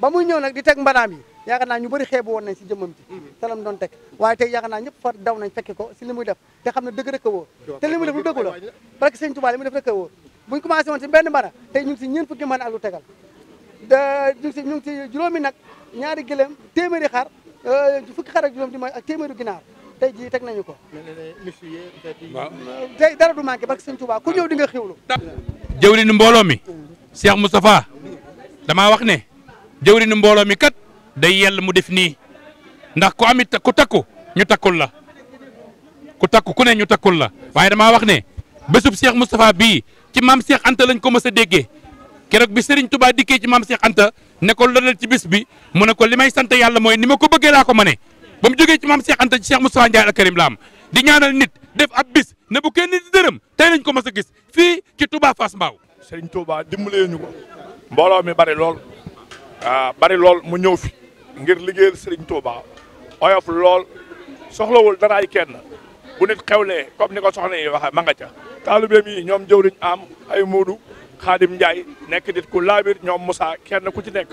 ba muy ñëw nag di teg mbanaam yi naa ñu bëri xeebu woon nañ si jëmmam ci salam mm-hmm. doon teg waaye tey yaakaar naa ñëpp far daw nañ fekki ko si li muy def te xam ne dëgg rek a wóor te li muy def lu dëgg la parce que sëñ Tuubaa li def rek a wóor buñ benn mbana tey ñu ngi si ñeent ñu ngi juróomi nag ñaari gëléem téeméeri xar euh, fukki xar ak juróom di mooy ak téeméeri ginaar tey jii teg nañu ko. tey dara du manqué barke sëñ Tuubaa ku ñëw di nga xiwlu. jëwriñu mbooloo mi. Cheikh Moustapha damaa wax ne jëwriñu mbooloo mi kat day yell mu def nii ndax ko amit ku takku ñu takkul la ku takku ku ne ñu takkul la waaye damaa wax ne bésub Cheikh Moustapha bii ci maam Cheikh Anta lañ ko mës a déggee. keroog bi Serigne Touba dikkee ci maam Cheikh Anta ne ko lëlal ci bis bi mu ne ko li may sant yàlla mooy ni ma ko bëggee laa ko mënee ba mu jógee ci maam Cheikh Anta ci Cheikh Moustapha Ndiaye al Karim di ñaanal nit def ab bis ne bu kenn di dërëm tey ko mës a gis fii ci Touba Fass Mbao Serigne Touba dimbalee ñu ko mbooloo mi bari lool ah, bari lool mu ñëw fi ngir liggéeyal sëriñ Touba oyof lool soxlawul ay kenn bu nit le comme ni ko soxna yi waxee ma nga ca taalibeem yi ñoom jëwriñ am ay Xaadim Ndiaye nekk nit ku laabir ñoom Moussa kenn ku ci nekk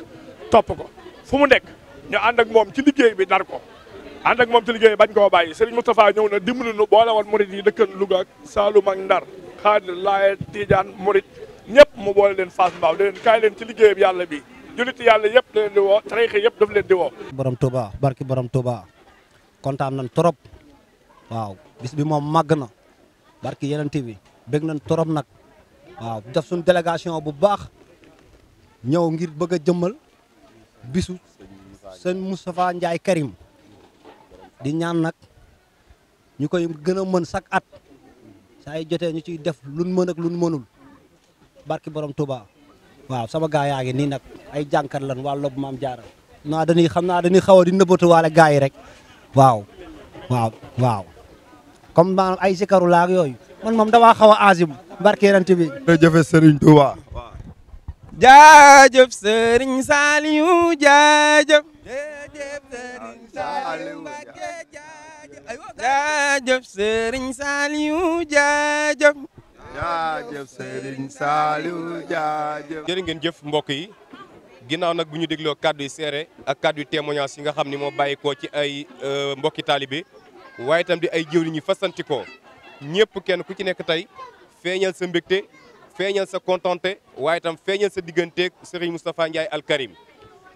topp ko fu mu nekk ñu ànd ak moom ci liggéey bi dar ko ànd ak moom ci liggéey bañ koo bàyyi Serigne Moustapha ñëw na dimbali nu boole woon murit yi dëkkan Louga ak Saloum ak Ndar Xaadir Laaye Tidiane murit ñëpp mu boole leen Fass Mbao da leen kaay leen ci liggéeyam yàlla bi julliti yàlla yëpp da leen di woo tariixa yëpp daf leen di wo borom Touba barki borom Touba kontaan nañ trop waaw bis moom màgg na barki yeneen bi bég nañ trop nag. waaw def suñu délégation bu baax ñëw ngir bëgg a jëmmal bisu sëñ Moustapha Ndiaye Karim di ñaan nag ñu koy gën a mën sak at saa yu ñu ciy def luñ mën ak luñ mënul barki borom Touba waaw sama gaa yaa ngi nii nag ay jànkat lan waa lobu maam jaaral naa dañuy xam naa dañuy xaw a di nëbbatuwaale gaa yi rek waaw waaw waaw comme maanaam ay sikaru laag man moom damaa xaw a barke yonent bi. jërëjëf Serigne Touba. jaajëf Serigne Saliou jaajëf. jaajëf Serigne Saliou jaajëf Serigne Saliou jaajëf. jaajëf Serigne Saliou jaajëf. jërë ngeen jëf mbokk yi. ginnaaw nag bu ñu dégloo kàddu yu seere ak kàddu yu témoignage yi nga xam ni moo bàyyikoo ci ay euh, mbokki taalibe waaye tam di ay jëwriñ yi fasantikoo ñëpp kenn ku ci nekk tey feeñal sa mbégte feeñal sa kontante waaye itam feeñal sa digganteeg Serigne Moustapha Ndiaye Al Karim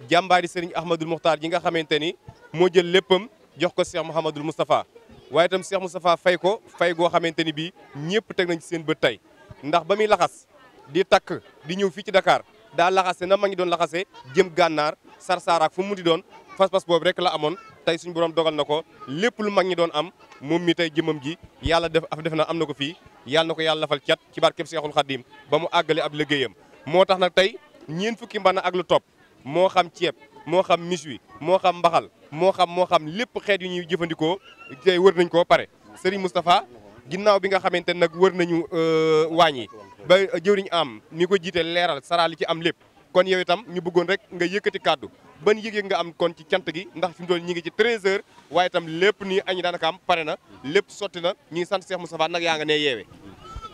jàmbaari Serigne Ahmadul Muxtaar ji nga xamante ni moo jël léppam jox ko Cheikh Mouhamadul Moustapha waaye itam Cheikh Moustapha fay ko fay goo xamante ni bii ñëpp teg nañ ci seen bët tey ndax ba muy laxas di takk di ñëw fii ci Dakar daa laxase na ma ngi doon laxase jëm gànnaar sarsaaraak fu mu di doon fas-fas boobu rek la amoon tey suñu borom dogal na ko lépp lu mag ñi doon am moom mi tey jëmam ji yàlla def af def na am na ko fii yàlla na ko yàlla fal cat ci barkeb Seexul Xaddiim ba mu àggale ab liggéeyam moo tax nag tey ñeen fukki mbana ak lu topp moo xam ceeb moo xam mis wi moo xam mbaxal moo xam moo xam lépp xeet yu ñuy jëfandikoo tey wër nañ koo pare Serigne Moustapha ginnaaw bi nga xamante nag wër nañu euh, waañ yi ba jëwriñ am mi ko jiite leeral sara li ci am lépp kon yow itam ñu bëggoon rek nga yëkkati kàddu ban yëg-yëg nga am kon ci cant gi ndax fi mu toll ñi ngi ci 13h waaye tam lépp ni añi daanaka am pare na lépp sotti na ñu ngi sant Cheikh Moustapha nag yaa nga nee yeewee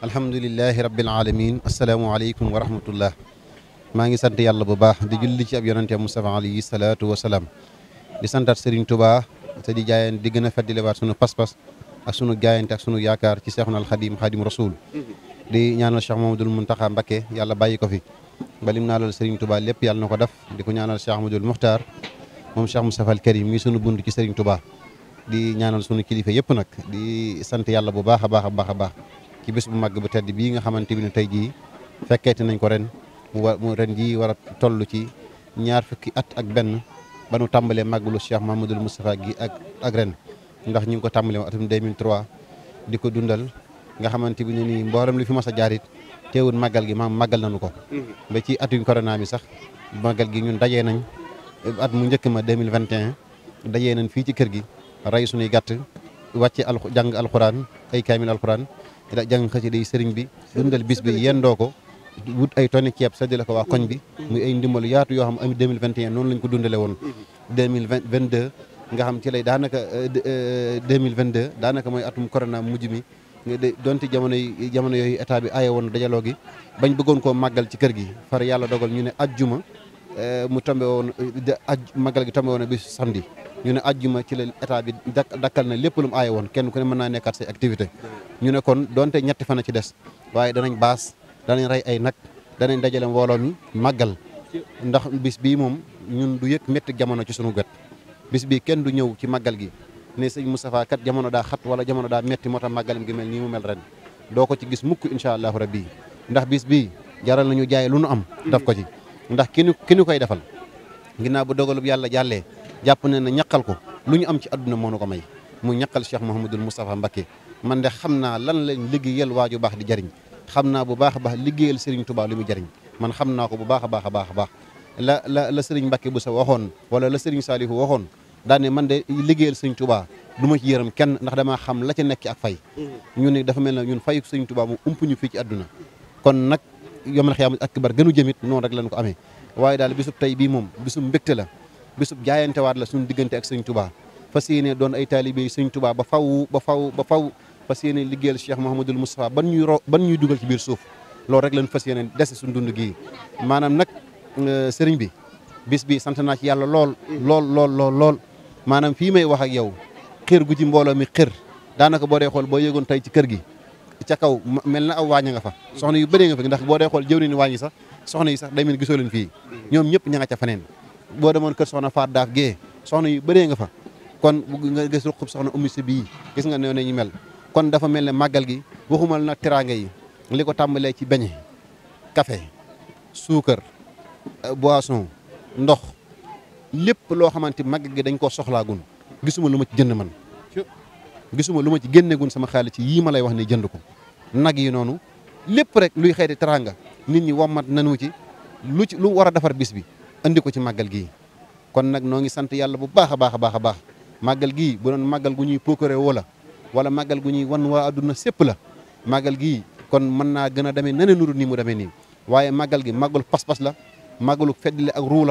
alhamdulilahi rabbil alamin asalaamaaleykum wa rahmatullah maa ngi sant yàlla bu baax di julli ci ab yonante Moustapha alayhi salaatu wa salaam di santaat Serigne tubaa te di jaayeen di gën a feddaliwaat sunu pas-pas ak sunu jaayante ak sunu yaakaar ci Cheikhul Khadim Khadim Rasoul mm-hmm. di ñaanal Cheikh Mamadou Mountakha Mbacké yàlla bàyyi ko fi balim naa lool Serigne Touba lépp yàlla na ko def di ko ñaanal Cheikh Ahmadoul Moukhtar moom Cheikh Moustapha al Karim mi sunu bunt ci Serigne Touba di ñaanal sunu kilifa yëpp nag di sant yàlla bu baax a baax a baax a baax ci bis bu màgg bu tedd bii nga xamante bi ne tey ji jii fekkeete nañ ko ren mu war mu ren ji war a toll ci ñaar fukki at ak benn ba nu tàmbalee màggalu Cheikh Mahamadoul Moustapha gi ak ak ren ndax ñu ngi ko tàmbalee atum 2003 di ko dundal nga xamante bi ne a jaarit teewul màggal gi maam màggal nañu ko mhm. ba ci atuñ corona bi sax màggal gi ñun dajee nañ at mu njëkk ma mille vingt 2021 dajee nañ fii ci kër gi rey suñuy gàtt wàcce al jàng alxuraan ay kaamil alxuraan da jàng xasida yi sëriñ bi dundal bis bi yendoo ko wut ay tonni ceeb séddale ko waa koñ bi mhm. muy ay ndimbalu yaatu yoo xam am 2021 noonu lañ ko dundale woon 2022 mhm. nga xam ci lay daanaka 2022 euh, euh, daanaka mooy atum corona mujj mi donte jamono yi jamono yooyu état bi aaye woon dajaloo gi bañ bëggoon koo màggal ci kër gi far yàlla dogal ñu ne ajjuma eh, mu tombe woon aj màggal gi tombe woon bi samedi ñu ne ajjuma ci la état bi dakkal na lépp lu mu aaye woon kenn ku ne mën naa nekkaat say activité ñu ne kon donte ñetti fan a ci des waaye danañ baas danañ rey ay nag danañ dajale mbooloo mi màggal ndax bis bii moom ñun du yëg métti jamono ci sunu wet bis bii kenn du ñëw ci màggal gi ne sëñ Moustapha kat jamono daa xat wala jamono daa metti moo tax màggalam gi mel nii mu mel ren doo ko ci gis mukk incha allahu rabbi ndax biis bii jaral nañu jaay lu nu am daf ko ci ndax ki nu ki nu koy defal ginnaaw bu dogalub yàlla jàllee jàpp ne na ñaqal ko lu ñu am ci àdduna moo nu ko may mu ñaqal Cheikh Mouhamadul Moustapha Mbacké man de xam naa lan lañ liggéeyal waaju baax di jariñ xam naa bu baax a baax liggéeyal Serigne Touba lu mu jariñ man xam naa ko bu baax a baax a baax a baax la la la Serigne Mbacké bu sa waxoon wala la Serigne Saliou waxoon daane man de liggéeyal sëñ tubaa du ma ci yërëm kenn ndax damaa xam la ci nekk ak fay mm-hmm. ñun ne dafa mel na ñun fayu sëñ Tuubaa moom ump ñu fii ci adduna kon nag yomal xiyaama akbar gënu jëmit noonu rek lañ ko amee waaye daal bisub tey bii moom bisub mbégte la bisub jaayantewaat la suñu diggante ak sëñ Tuubaa fas yéene doon ay taalibe sëñ tubaa ba faw ba faw ba faw fas yéene liggéeyal Cheikh Mouhamadul Moustapha ban ñuy ro ban ñuy dugal ci biir suuf loolu rek lañ fas yéene dese suñu dund gii maanaam nag euh, sëriñ bi bis bi sant naa ci yàlla lool mm-hmm. lool lool lool lool maanaam fii may wax ak yow xir gu ci mbooloo mi xir daanaka boo dee xool boo yëgoon tey ci kër gi ca kaw mel na aw waaña nga fa soxna yu bëree nga fa ndax boo dee xool jëw ni waañ yi sax soxna yi sax day mel gisoo leen fii ñoom ñëpp ña nga ca boo demoon kër soxna faat daaf gee soxna yu bëree nga fa kon nga gis ruqub soxna ummi si bii gis nga noonu ñu mel kon dafa mel ne màggal gi waxumal na teraanga yi li ko tàmbalee ci beñe kafe suukar boisson ndox lépp loo xamante mag gi dañ koo soxlaagun gisuma lu ma ci jënd man gisuma lu ma ci génneegun sama xaalis ci yii ma lay wax ne jënd ko nag yi noonu lépp rek luy xeeti teraanga nit ñi wommat nanu ci lu ci lu war a defar bis bi indi ko ci màggal gi kon nag noo ngi sant yàlla bu baax a baax a baax a baax màggal gii bu doon màggal gu ñuy pokore woo la wala màggal gu ñuy wan waa adduna sépp la màggal gii kon mën naa gën a demee nane nuru nii mu demee nii waaye màggal gi màggalu pas-pas la màggalu feddle ak ruu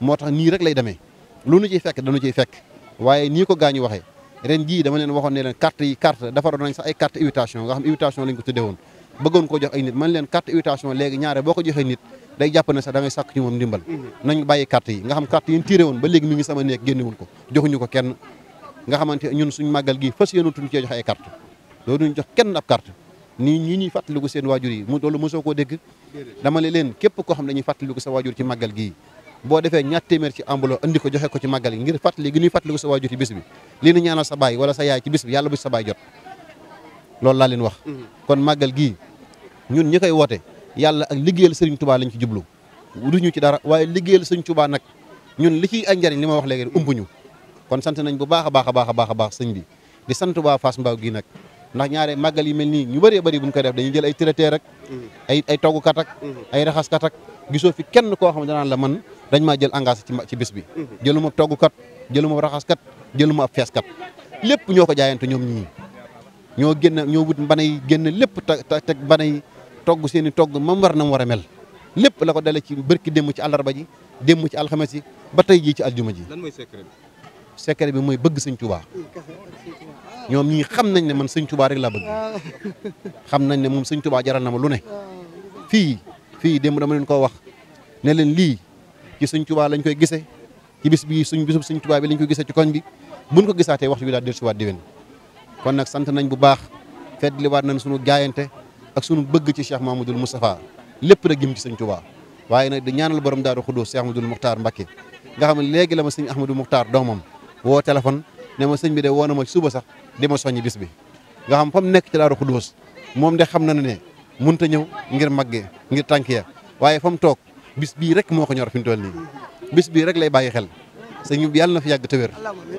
moo tax nii rek lay demee lu nu ciy fekk dañu ciy fekk waaye nii ko gaañu waxee ren jii dama leen waxoon ne leen carte yi carte defaroon nañ sax ay carte invitation nga xam invitation lañ ko tuddee woon bëggoon koo jox ay nit man leen boo ko joxee nit day jàpp ne sax da ngay mhm. nañ bàyyi carte yi nga xam carte yi ñu tiré woon ba léegi mi ngi sama nekk génnewuñ ko joxuñu ko kenn nga xamante ñun suñ màggal gi fas yéene tuñ cee jox ay carte loolu duñ jox kenn ab carte nii ñii ñuy fàttaliku seen waajur yi mu loolu mosoo koo dégg dama leen képp koo xam ne dañuy fàttaliku sa waajur ci màggal gii boo defee ñaar téeméer ci ambuloo andi ko joxe ko ci màggal gi ngir fàttali gi ñuy fàttaliku sa waajur ci bis bi lii ni ñaanal sa baay wala sa yaay ci bis bi yàlla bu sa baay jot loolu laa leen wax mhm. kon màggal gii ñun ñi koy woote yàlla ak liggéeyal sëriñ tubaa lañ ci jublu duñu ci dara waaye liggéeyal sëriñ tubaa nag ñun li ci ay njariñ li ma wax léegi umpuñu kon sant nañ bu baax a baax a baax a baax a baax sëñ bi di sant waa Fass Mbao gii nag ndax ñaare màggal yi mel nii ñu bëree bëri buñ koy def dañuy jël ay traiteur ak mhm. ay ay toggukat ak mhm. ay raxaskat ak gisoo fi kenn koo xam ne la man dañ maa jël engagé ci ci bis bi jëluma toggkat jëluma raxaskat jëluma ab feeskat lépp ñoo ko jaayante ñoom ñii ñoo génn ñoo wut mbanay génn lépp te teg mbanay togg seen i togg mam war na mu war a mel lépp la ko dale ci bërki démb ci àllarba ji démb ci alxames yi ba tey jii ci aljuma ji lan mooy secret bi secret bi mooy bëgg sëñ Tuubaa ñoom ñii xam nañ ne man sëñ Tuubaa rek laa bëgg xam nañ ne moom sëñ Tuubaa jaral na ma lu ne fii fii démb dama leen koo wax ne leen lii ci Sëñ Tuubaa lañ koy gisee ci bis bi suñ bisu Sëñ Tuubaa bi lañ koy gisee ci koñ bi buñ ko gisaatee waxtu bi daal dellusiwaat déwén kon nag sant nañ bu baax feddliwaat nañ suñu jaayante ak suñu bëgg ci Cheikh Mamadul Moustapha lépp rek jëm ci Sëñ Tuubaa waaye nag di ñaanal borom daaru Xuddoos ma dul Muxtaar Mbakke nga xam ne léegi la ma sëñ Ahmadou Muxtaar doomam woo téléphone ne ma sëñ bi de woo na ma suba sax di ma soññi bis bi nga xam fa mu nekk ci daaru Xuddoos moom de xam na ne mun ta ñëw ngir magge ngir tànk ya waaye fa mu toog bis bii rek moo ko ñor fi mu nii bis bii rek lay bàyyi xel sëñ bi yàlla na fi yàgg te wér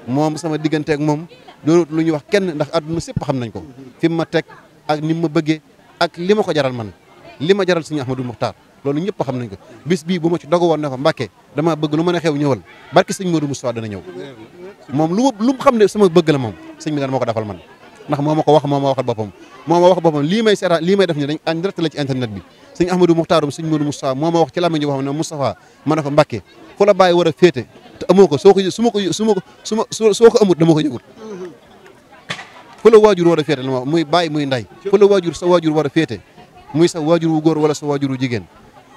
moom sama diggante moom doonut lu ñuy wax kenn ndax àdduna sépp xam nañ ko fi ma teg ak ni ma bëggee ak li ma ko jaral man li ma jaral sëñ Ahmadou Muxtaar loolu ñëpp xam nañ ko bis bii bu ma ci dogo woon ne fa Mbàkke damaa bëgg lu mën a xew ñëwal barki sëñ Modou Moustapha dana ñëw moom lu ma lu xam ne sama bëgg la moom sëñ bi daan moo ko defal man ndax moo ma ko wax ma waxal boppam moo ma wax boppam lii may seetaan lii may def ni dañ en ci internet bi sëñ ahmadou muxtaarum sëñ moodu moustapha moo ma wax ci lamañ boo xam ne moustapha ma ne ko mbàkke fu la bàyyi war a féete te amoo ko soo ko su ma ko su ma ko su ma soo ko amut dama ko yëgul fu la waajur war a féete la muy bàyyi muy nday fu waajur sa waajur war a muy sa waajur wu góor wala sa waajur wu jigéen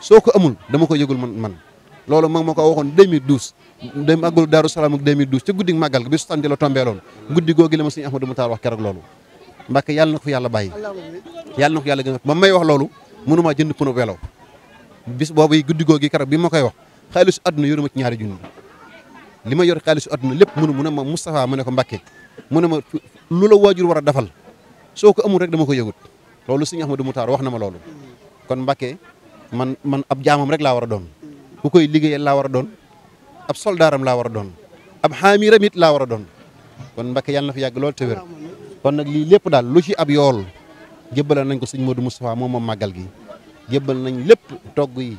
soo ko amul dama ko yëgul man man loolu mag ma ko waxoon 2012 de màggalu Daaru Salaam ak 2012 ci guddi màggal bi su tànn di la tombee loolu guddi googu la ma sëñ ahmadou muxtaar wax keroog loolu mbàkke yàlla na ko fi yàlla bàyyi yàlla na ko may wax loolu mënumaa jënd pneu vélo bis boobu yi guddi googu keroog bi ma koy wax xaalisu àdduna yoruma ci ñaari junni li ma yor xaalisu àdduna lépp mënu mu ne ma Moustapha mu ne ko Mbacke mu ne ma lu la waajur war a defal soo ko amul rek dama ko yëgut loolu sëñ Ahmadou Moutar wax na ma loolu kon Mbacke man man ab jaamam rek laa war a doon ku koy liggéeyal laa war a doon ab soldaaram laa war a doon ab xaamiram it laa war a doon kon Mbacke yàlla la fi yàgg lool te wér kon nag lii lépp daal lu ci ab yool jébbal nañ ko sëñ Modou Moustapha moom moom màggal gi jébbal nañ lépp togg yi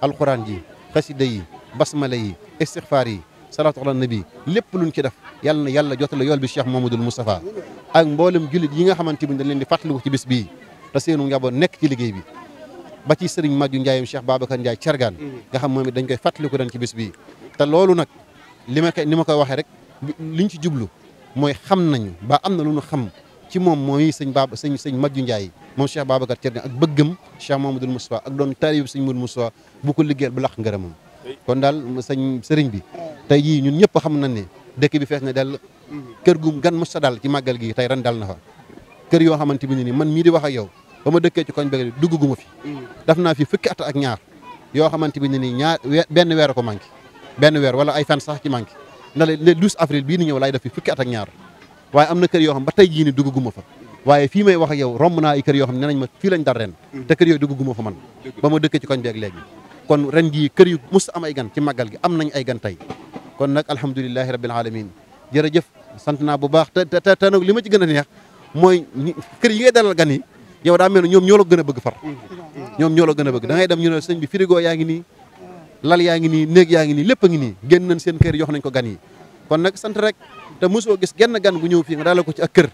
alxuraan ji xasida yi basmala yi istixfaar yi salaatu ala nabi lépp lu luñ ci def yàlla na yàlla jotale yool bi Cheikh Mamadul Moustapha ak mboolem jullit yi nga xamante bi dañ leen di fàttaliku ci bis bii te seenu nekk ci liggéey bi ba ci sëriñ Maju Njaayam Cheikh Babacar Njaay Cergaan nga xam moom it dañ koy fàttaliku ren ci te loolu nag li ma koy ni ma koy waxee rek liñ ci jublu mooy xam nañu ba am na lu ñu xam ci moom mooy sëñ baab sëñ sëñ Madiou Ndiaye moom Cheikh Babacar Thierno ak bëggam Cheikh Mamadou Moustapha ak doon taalibu sëñ Modou Moustapha bu ko liggéeyal bu lax ngërëmam kon daal sëñ sëriñ bi tey jii ñun ñëpp xam nañ ni dëkk bi fees na dell kër gum gan mos a dal ci màggal gi tey ren dal na fa kër yoo xamante bi ne ni man mii di wax ak yow ba ma dëkkee ci koñ bëgg dugg gu fi daf naa fi fukki at ak ñaar yoo xamante bi ne ni ñaar benn weer ko manqué benn weer wala ay ci manqué ndax le 12 avril bii ni ñëw laay def fi fukki at ak ñaar waaye am na kër yoo xam ba tey jii ni dugguma fa waaye fi may wax ak yow romb naa ay kër yoo xam ne nañ ma fii lañ dar ren mm-hmm. te kër yooyu dugguma fa man ba ma dëkk ci koñ beeg léegi kon ren jii kër yu mus am ay gan ci màggal gi am nañ ay gan tey kon nag alhamdulilahi rabbil alamin jërëjëf sant naa bu baax te te te nag li ma ci gën a neex mooy kër yi ngay dalal gan yi yow daa mel ne ñoom ñoo gën a bëgg far mm-hmm. ñoom ñoolo gën a bëgg da ngay dem ñu ne sëñ bi frigo yaa ngi nii yaa ngi nii néeg yaa ngi nii lépp a ngi nii génn nañ seen kër jox nañ ko gan yi kon nag sant rek te mosoo gis genn gan gu ñëw fii nga daala ko ci ak kër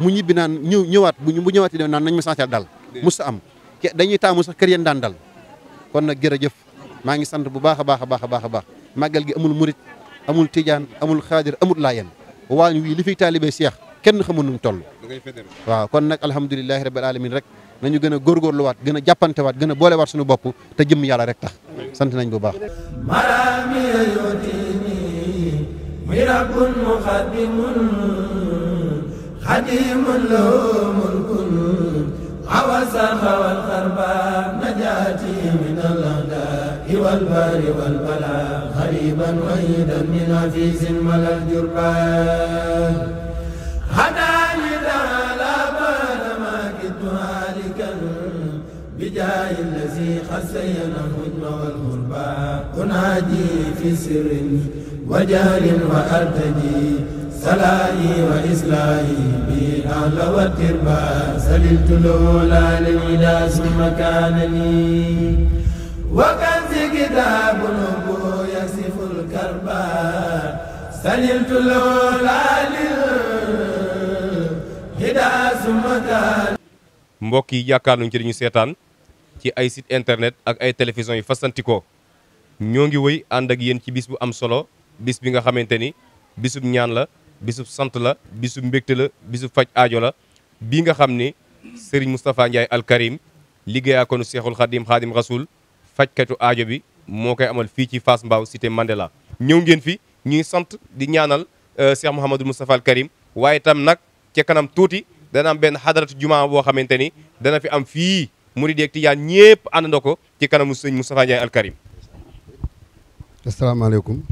mu ñibbi naan ñëw ñëwaat bu ñëwaat yi dem naan nañ ma santal dal musta am dañuy taamu sax kër yéen daan dal kon nag jërëjëf maa ngi sant bu baax a baax a baax a baax a baax màggal gi amul murit amul tijaan amul xaadir amul laa laayeen waañ wii li fiy taalibee seex kenn xamul nu mu toll waaw kon nag alhamdulilahi rabil alamin rek nañu gën a góorgóorluwaat gën a jàppantewaat gën a boolewaat suñu bopp te jëm yàlla rek sant nañ bu baax muy rab muxaddimun xadimun lahu mulkun awasa xawal xarba najaati min al-a'daa'i wal barri wal balaa xariban wahidan min afiisin malal jurbaan hadaani ta'aalaa baana maa kittu haalikan بجاه الذي خسينا الهجن والغرباء أنادي في سر وجار وأرتجي سلائي وإسلائي بالأعلى والتربى سللت لولا للعلا ثم كانني وكنز كتاب نبو يصف الكربى سللت لولا للهدى ثم كان mbokk yi jàkkaarluñ ci dañu seetaan ci ay site internet ak ay télévision yu fasantikoo ñoo ngi wëy ànd ak yéen ci bis bu am solo bis bi nga xamante ni bisub ñaan la bisub sant la bisub mbégte la bisub faj aajo la bii nga xam ni Serigne Moustapha Ndiaye Al Karim liggéeyaa konu Seexul Xadim Xadim Rasul fajkatu aajo bi moo koy amal fii ci Fass Mbao cité Mandela. ñëw ngeen fi ñuy sant di ñaanal euh, Cheikh Mouhamadou Moustapha Al waaye tam nag ca kanam tuuti dana am benn xadaratu jumaa boo xamante ni dana fi am fii murid ak tijaan ñëpp àndandoo ko ci kanamu sëñ Moustapha Ndiaye Al asalaamaaleykum.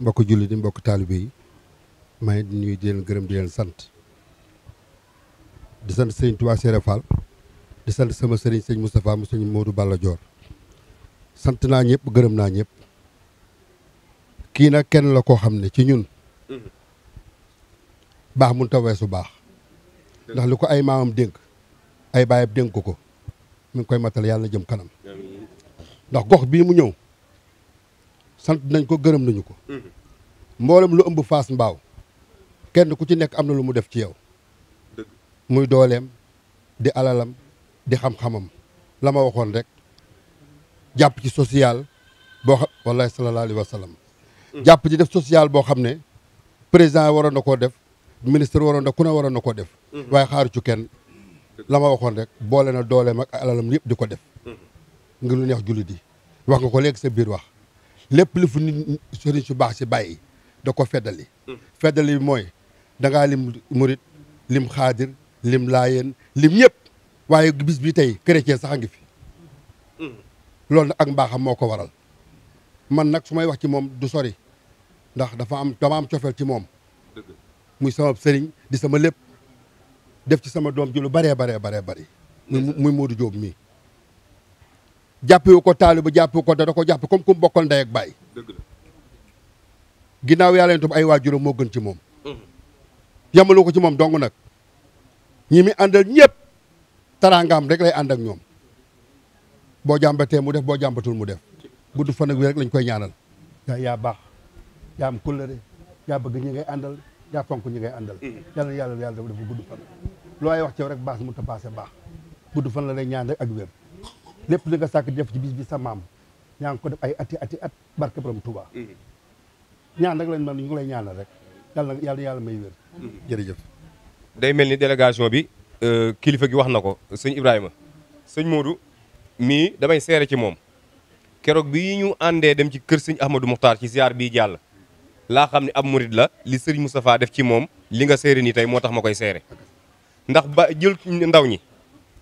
mbokk julli di mbokk taalibe yi may di nuyu di leen gërëm di leen sant di sant sëñ Tuubaa Seere Faal di sant sama sëriñ sëñ Moustapha mu sëñ Modou Balla Dior sant naa ñëpp gërëm naa ñëpp kii nag kenn la koo xam ne ci ñun baax mun ta su baax ndax li ko ay maamam dénk ay baayam dénk ko ko mi ngi koy matal yàlla jëm kanam ndax gox bii mu ñëw sant dinañ ko gërëm nañu ko mboolem lu ëmb Fass mbaaw kenn ku ci nekk am na lu mu def ci yow muy dooleem di alalam di xam-xamam la ma waxoon rek jàpp ci social boo xam wallahi sallallahu alayhi wa sallam jàpp ci def social boo xam ne président waroon na koo def ministre waroon na ku ne waroon na koo def waaye xaaru ci kenn la ma waxoon rek boole na dooleem ak alalam yépp di ko def ngir lu neex jullit yi wax nga ko léegi sa biir wax lépp li fu nit sëriñ su baax si bàyyi da ko feddali feddali bi mooy da ngaa lim murit lim xaadir lim laayeen lim ñëpp waaye bis bi tey chrétien sax a ngi fi loolu nag ak mbaaxam moo ko waral man nag su may wax ci moom du sori ndax dafa am dama am cofeel ci moom muy sama sëriñ di sama lépp def ci sama doom ji lu baree baree baree bari muy Modou Diop mii jàppewu ko taaliba jàppewu ko dara ko jàpp comme ku mu bokkal ndey ak baay. dëgg la ginnaaw yàlla itam ay waajuram moo gën ci moom. yamalu ko ci moom dong nag ñi mi àndal ñëpp taraangaam rek lay ànd ak ñoom boo jàmbatee mu def boo jàmbatul mu def gudd fan ak wér lañ koy ñaanal. yaa yaa baax yaa am kóllëre yaa bëgg ñi ngay àndal yaa fonk ñi ngay àndal. yàlla yàlla yàlla dafa gudd fan. looy wax ci rek baax mu ta paase baax gudd fan la lay ñaan ak wér. lépp li nga sàkk def ci bis bi sa maam ñaa ngi ko def ay ati ati at barke borom Touba. Mm-hmm. ñaan rek lañ man ñu ngi lay ñaanal rek yàlla yàlla yàlla may mm-hmm. jërëjëf. day mel ni délégation bi euh, kilifa gi wax na ko sëñ Ibrahima sëñ Modou mii damay seere ci moom keroog bi ñu àndee dem ci kër sëñ Ahmadou Mokhtar ci ziar bii jàll laa xam ne ab murid la li sëriñ Moustapha def ci moom li nga seere nii tey moo tax ma koy seere ndax ba jël ndaw ñi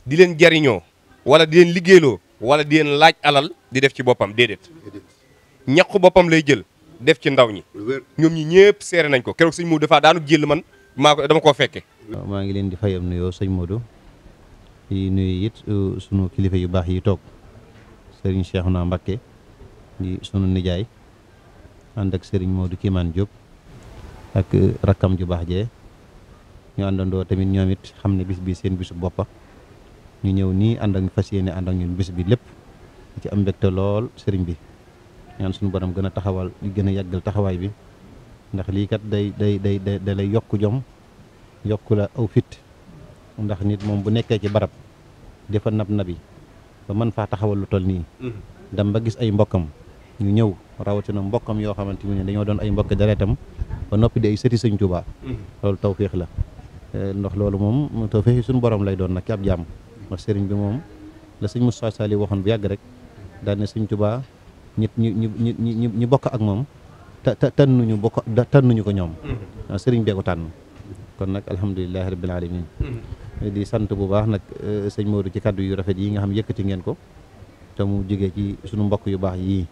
di leen jariñoo wala di leen liggéeyloo wala di leen laaj alal di def ci boppam déedéet ñaqu boppam lay jël def ci ndaw ñi ñoom ñi ñëpp seere nañ ko keroog sëñ Modou dafa daanu jël man maa ko dama koo fekke maa ngi leen di fayam nuyoo sëñ Modou di nuyu it uh, sunu kilifa yu baax yi toog sëriñ Cheikhouna Mbacké di sunu nijaay ànd ak sëriñ Modou Kiman Diop ak uh, rakkam ju baax jee ñu àndandoo tamit ñoom xam ne bis bi seen bisu boppa ñu ñëw nii ànd ak fas yéene ànd ak ñun bés bi lépp ci am mbégte lool sëriñ bi ñaan suñu borom gën a taxawal gën a yàggal taxawaay bi ndax lii kat day day day da lay yokk jom yokk la aw fit ndax nit moom bu nekkee ci barab dafa nab nabi ba man faa taxawal lu toll nii mm-hmm. dem ba gis ay mbokkam ñu ñëw rawatina mbokkam yoo xamante ne dañoo doon ay mbokk deretam ba noppi di ay sëti sëñ Tuubaa mm-hmm. loolu tawféex la eh, ndax loolu moom tawféex yi suñu borom lay doon nag ci jàmm ndax sëriñ bi moom la sëñ Moussa Sali waxoon bu yàgg rek daal ne sëñ Tuubaa nit ñi ñi ñi bokk ak moom ta tànnuñu bokk tànnuñu ko ñoom. Mm-hmm. sëriñ bee tànn kon nag alhamdulilah rabbil alamin mm-hmm. di sant bu baax nag eh, sëñ Modou ci kàddu yu rafet yi nga xam yëkkati ngeen ko te mu jógee ci suñu mbokk yu baax yii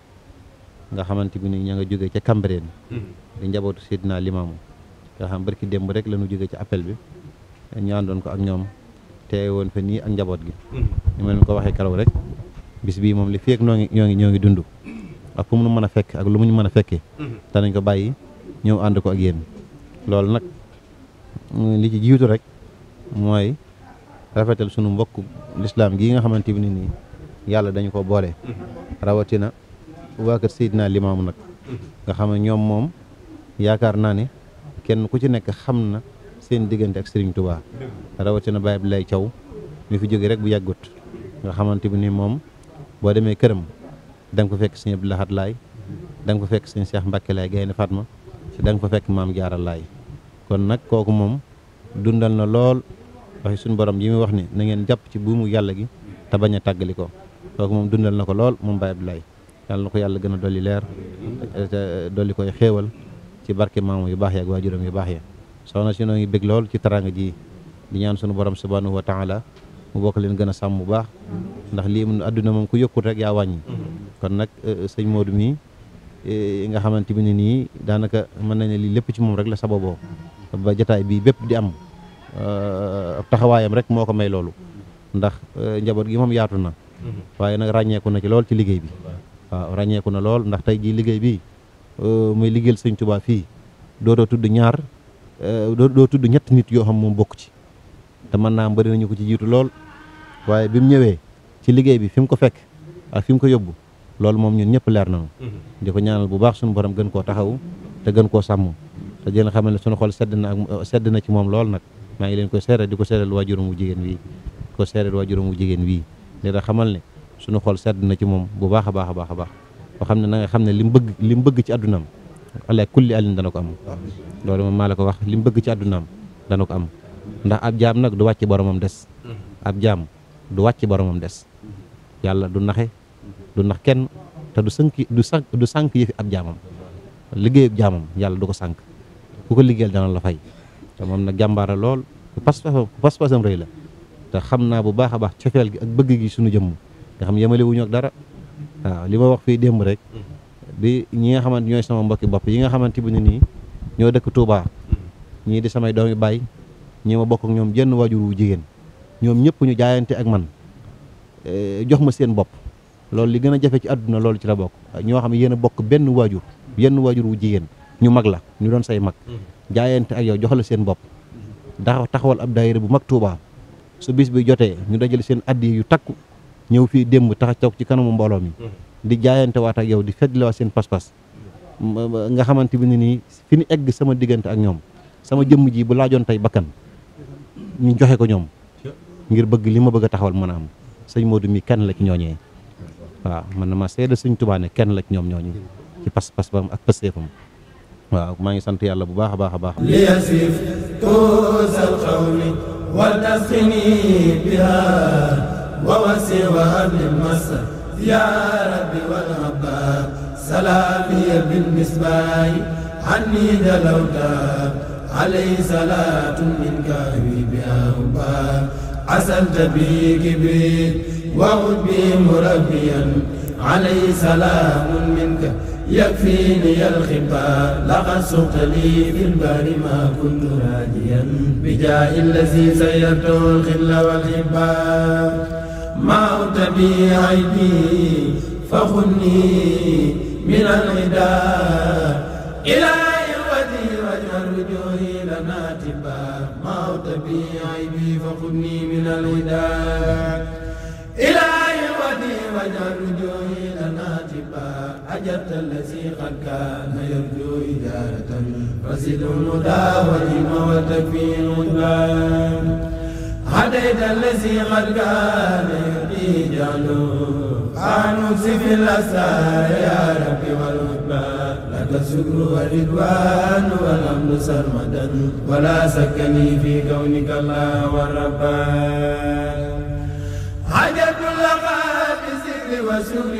nga xamante bi ni ña nga jógee ci Cambérène. Mm-hmm. di njabootu Seydina Limaamu nga xam barki démb rek la ñu jógee ci appel bi ñu àndoon ko ak ñoom. te woon fa nii ak njaboot gi mm-hmm. ni ma leen ko waxee karaw rek bis bii moom li fi ak noo ngi ñoo ngi ñoo ngi dund ak fu mu mën a fekk ak lu mu ñu mën a fekkee mm-hmm. danañ ko bàyyi ñëw ànd ko ak yéen loolu nag mm, li ci jiitu rek mooy rafetal sunu mbokk lislaam gi nga xamante bi nii yàlla dañu ko boole mm-hmm. rawatina waa kër Seydina Limaamu nag nga xam ne ñoom moom yaakaar naa ne kenn ku ci nekk xam na seen diggante ak Serigne Touba rawatina Baye lay Thiaw mi fi jóge rek bu yàggut nga xamante bi ni moom boo demee këram danga nga ko fekk Serigne Abdou Lahad Laay da nga ko fekk Serigne Cheikh Mbacké Laay Gaynde Fatma da danga ko fekk Maam Jaara Laay kon nag kooku moom dundal na lool waxi suñu borom yi mu wax ni na ngeen jàpp ci buumu yàlla gi te bañ a tàggali ko kooku moom dundal na ko lool moom Baye lay yàlla na ko yàlla gën a dolli leer dolli koy xéewal ci barke maamu yu baax ya ak waajuram yu baax ya soxna si noo ngi bég lool ci taraanga ji di ñaan sunu borom subhanahu wa taala mu bokk leen gën a sàmm bu baax ndax lii mun adduna moom ku yokkut rek yaa wàññi kon nag eh, eh, sëñ Modou mii eh, nga xamante bi ne nii daanaka mën nañ ne lii lépp ci moom rek la sababoo ba jataay bii bépp di am ab taxawaayam rek moo ko may loolu ndax njaboot gi moom yaatu na waaye nag ràññeeku na ci loolu ci liggéey bi waaw ràññeeku na loolu ndax tey jii liggéey bi muy liggéeyal sëñ Tuubaa fii dootoo tudd ñaar Euh, doo tudd ñetti nit yoo xam moom bokk ci te mën naa bëri nañu ko ci jiitu lool waaye bi mu ñëwee ci liggéey bi fi mu ko fekk ak fi mu ko yóbbu loolu moom ñun ñëpp leer nañu mm-hmm. di ko ñaanal bu baax suñu borom gën koo taxawu te gën koo sàmm te jël xamal ne suñu xol sedd na ak sedd na ci moom lool nag maa ngi leen koy seeral di ko seeral waajuram wu jigéen wii di ko seeral waajuram wu jigéen wii li xamal ne suñu xol sedd na ci moom bu baax a baax a baax a baax boo xam ne na xam ne li mu bëgg li mu bëgg ci addunaam ala kulli alin dana ko am loolu moom maa la ko wax li mu bëgg ci àddunaam dana ko am ndax ab jaam nag du wàcc boromam des ab jaam du wàcc boromam des yàlla du naxe du nax kenn te du sànk du sànk du sànk yëfi ab jaamam ab jaamam yàlla du ko sànk ku ko liggéeyal dana la fay te moom nag jàmbaara lool ku pas-pasam rëy la te xam naa bu baax a baax cofeel gi ak bëgg gi suñu jëmm nga xam yemale ak dara waaw li ma wax fii démb rek di ñi nga xamante ñooy sama mbokki bopp yi nga xamante bu ne nii ñoo dëkk Touba ñii di samay doomi baay ñi ma bokk ak ñoom jenn waajur wu jigéen ñoom ñëpp ñu jaayante ak man e, jox ma seen bopp loolu li gën a jafe ci àdduna loolu ci la bokk ñoo xam ne yéen bokk benn waajur yenn waajur wu jigéen ñu mag la ñu doon say mag jaayante ak yow jox la seen bopp dax taxawal ab daayira bu mag tuubaa su bis bi jotee ñu dajal seen addi yu takku ñëw fii démb tax a toog ci kanamu mbooloo mi di jaayante waat ak yow di fedliwaat seen pas-pas nga xamante bi ne nii fi ñu egg sama diggante ak ñoom sama jëmm jii bu laajoon tey bakkan ñu joxe ko ñoom ngir bëgg li ma bëgg a taxawal mën a am sëñ Modou mi kenn la ci ñooñee waaw man na ma seede sëñ Tuubaa ne kenn la ci ñoom ñooñu ci pas-pas bam ak pësteefam waaw maa ngi sant yàlla bu baax a baax a baax liyasif tuusal xawli wal tasqini biha wa wasiwa lil masa يا ربي والغبار سلامي بالمصباح عني جلوتا عليه صلاة منك في بها عسلت بي كبريت وعد بي مربيا عليه سلام منك يكفيني الخبار لقد سقت لي في البر ما كنت راجيا بجاه الذي سيرته الخل والحبار موت بعيني فخني من العدا إلهي ودي وجه الرجوع لنا تبا موت بعيني فخني من العدا إلهي ودي وجه الرجوع لنا تبا أجرت الذي قد كان يرجو إجارة رسل الهدى وجه وتكفي الغدوان هديت الذي قد كان يبدي جعله أنوسي في الأسرار يا ربي والهدى لك الشكر والرضوان والحمد سرمدا ولا سكني في كونك الله والرب عجبت لك بالذكر والشكر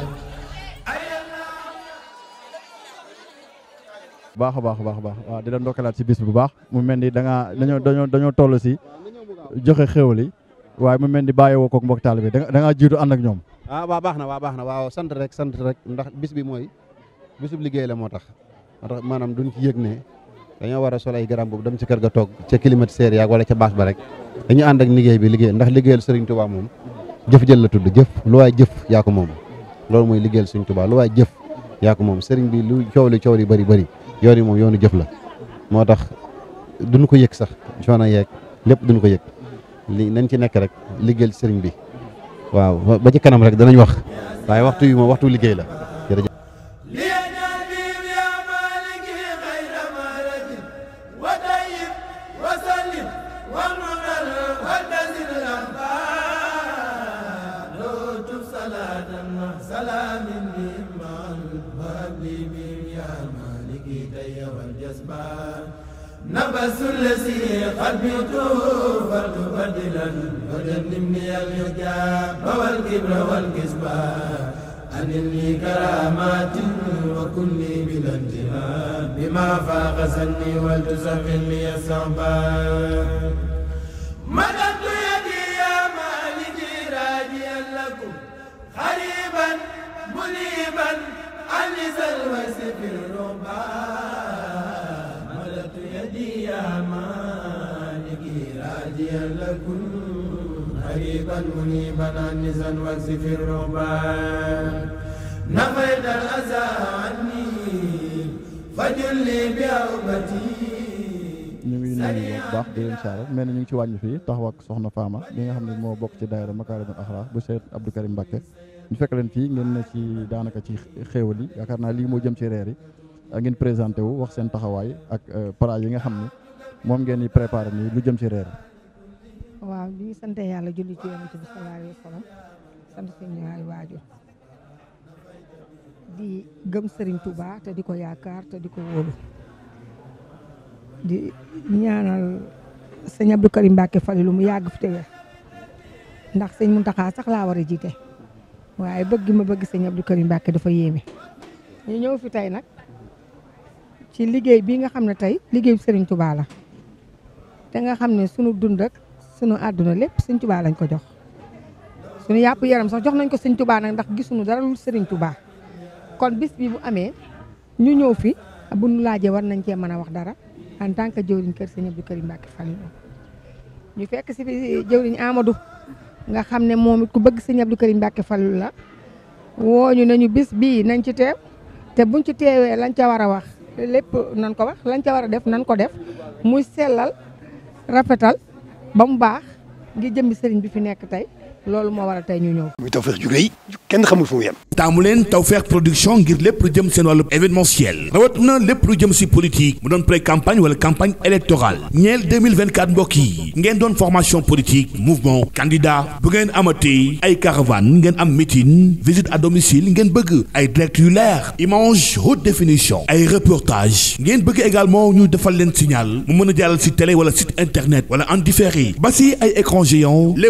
baax baax a baax a baax waaw di la ndokkalaat si bis bu baax mu mel ni da dañoo dañoo dañoo toll si joxe xéwal yi waaye mu mel ni bàyyiwoo koog mbokk taalibe bi da ngaa jiitu ànd ak ñoom. ah waa baax na waa baax na waaw sant rek sant rek ndax bis bi mooy bisub liggéey la moo tax moo tax maanaam duñ ci yëg ne dañoo war a sol ay garam boobu dem ci kër ga toog ca climatiseur yaag wala ca bâche ba rek dañu ànd ak liggéey bi liggéey ndax liggéeyal Serigne Touba moom jëf jël la tudd jëf lu waay jëf yaa ko moom loolu mooy liggéeyal Serigne Touba lu waay jëf yaa ko moom Serigne bi lu coow li coow li bari bari yoon yi moom yoonu jëf la moo tax duñu ko yéeg sax coono yeeg lépp duñu ko yëg li nañ ci nekk rek liggéeyal sëriñ bi waaw ba ci kanam rek danañ wax waaye waxtu yi moom waxtu liggéey la تحزني وتسفل لي الصعبان مددت يدي يا مالكي راجيا لكم خريبا منيبا أنس الوس في الربا مددت يدي يا مالكي راجيا لكم خريبا منيبا أنس الوس في الربا نفيت الأذى ñu ngi nuyu bu baax di mel na ñu ngi ci wàññi fii taxaw ak soxna Fama mi nga xam ne moo bokk ci daayira Makaarimul Axlaaq bu Seyd Abdou Karim mbakke ñu fekk leen fii ngeen na ci daanaka ci xéewal yi yaakaar naa lii moo jëm ci reer yi a ngeen présenté wu wax seen taxawaay ak euh, para yi nga xam ni moom ngeen di préparé nii lu jëm ci reer yi. waaw ñu ngi yàlla julli ci yonent bi sallallahu alayhi waajur di gëm sëriñ Touba te di ko yaakaar te di ko wóolu di ñaanal sëñ Abdou Karim Mbacke lu mu yàgg fi te wér ndax sëñ Mountakha sax laa war a jiite waaye bëgg ma bëgg sëñ Abdou Karim Mbacke dafa yéeme ñu ñëw fi tey nag ci liggéey bii nga xam ne tey liggéey liggéeyu sëriñ Touba la te nga xam ne sunu dund ak sunu àdduna lépp sëñ Touba lañ ko jox sunu yàpp yaram sax jox nañ ko sëñ Touba nag ndax gisuñu dara lu sëriñ Touba. kon bis bi bu amee ñu ñëw fi bu laajee war nañ cee mën a wax dara en tant que jëwriñ kër sëñ Abdou Karim Mbacké Fall ñu fekk si fi jëwriñ Amadou nga xam ne moom it ku bëgg sëñ Abdou Karim Mbacké Fall la wooñu nañu bis bii nañ ci teew te buñ ci teewee lañ ca war a wax lépp nañ ko wax lañ ca war a def nañ ko def muy sellal rafetal ba mu baax ngir jëmbi sëriñ bi fi nekk tey loolu moo waral tey ñu ñëw. muy Tawfekh kenn xamul fu mu yem. taamu leen Tawfekh production ngir lépp lu jëm seen wàllu événementiel rawat na lépp lu jëm si politique mu doon pré campagne wala campagne électorale ñeel 2024 mbokk yi ngeen doon formation politique mouvement candidat bu ngeen a amatee ay caravane ngeen am meeting visite à domicile ngeen bëgg ay direct yu leer image haute définition ay reportage ngeen bëgg également ñu defal leen signal mu mën a jàllal si télé wala internet wala en différé ba si ay écran géant les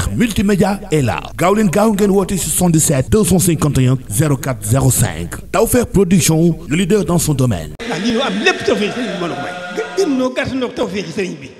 Tawfekh multimédia est là gaaw leen gaaw ngeen woote 77 251 04 05 Tawfekh production le leader dans son domaine. ah lii am lépp Tawfekh sëriñ bi mën a may. gën noo gàtt noo Tawfekh sëriñ bi.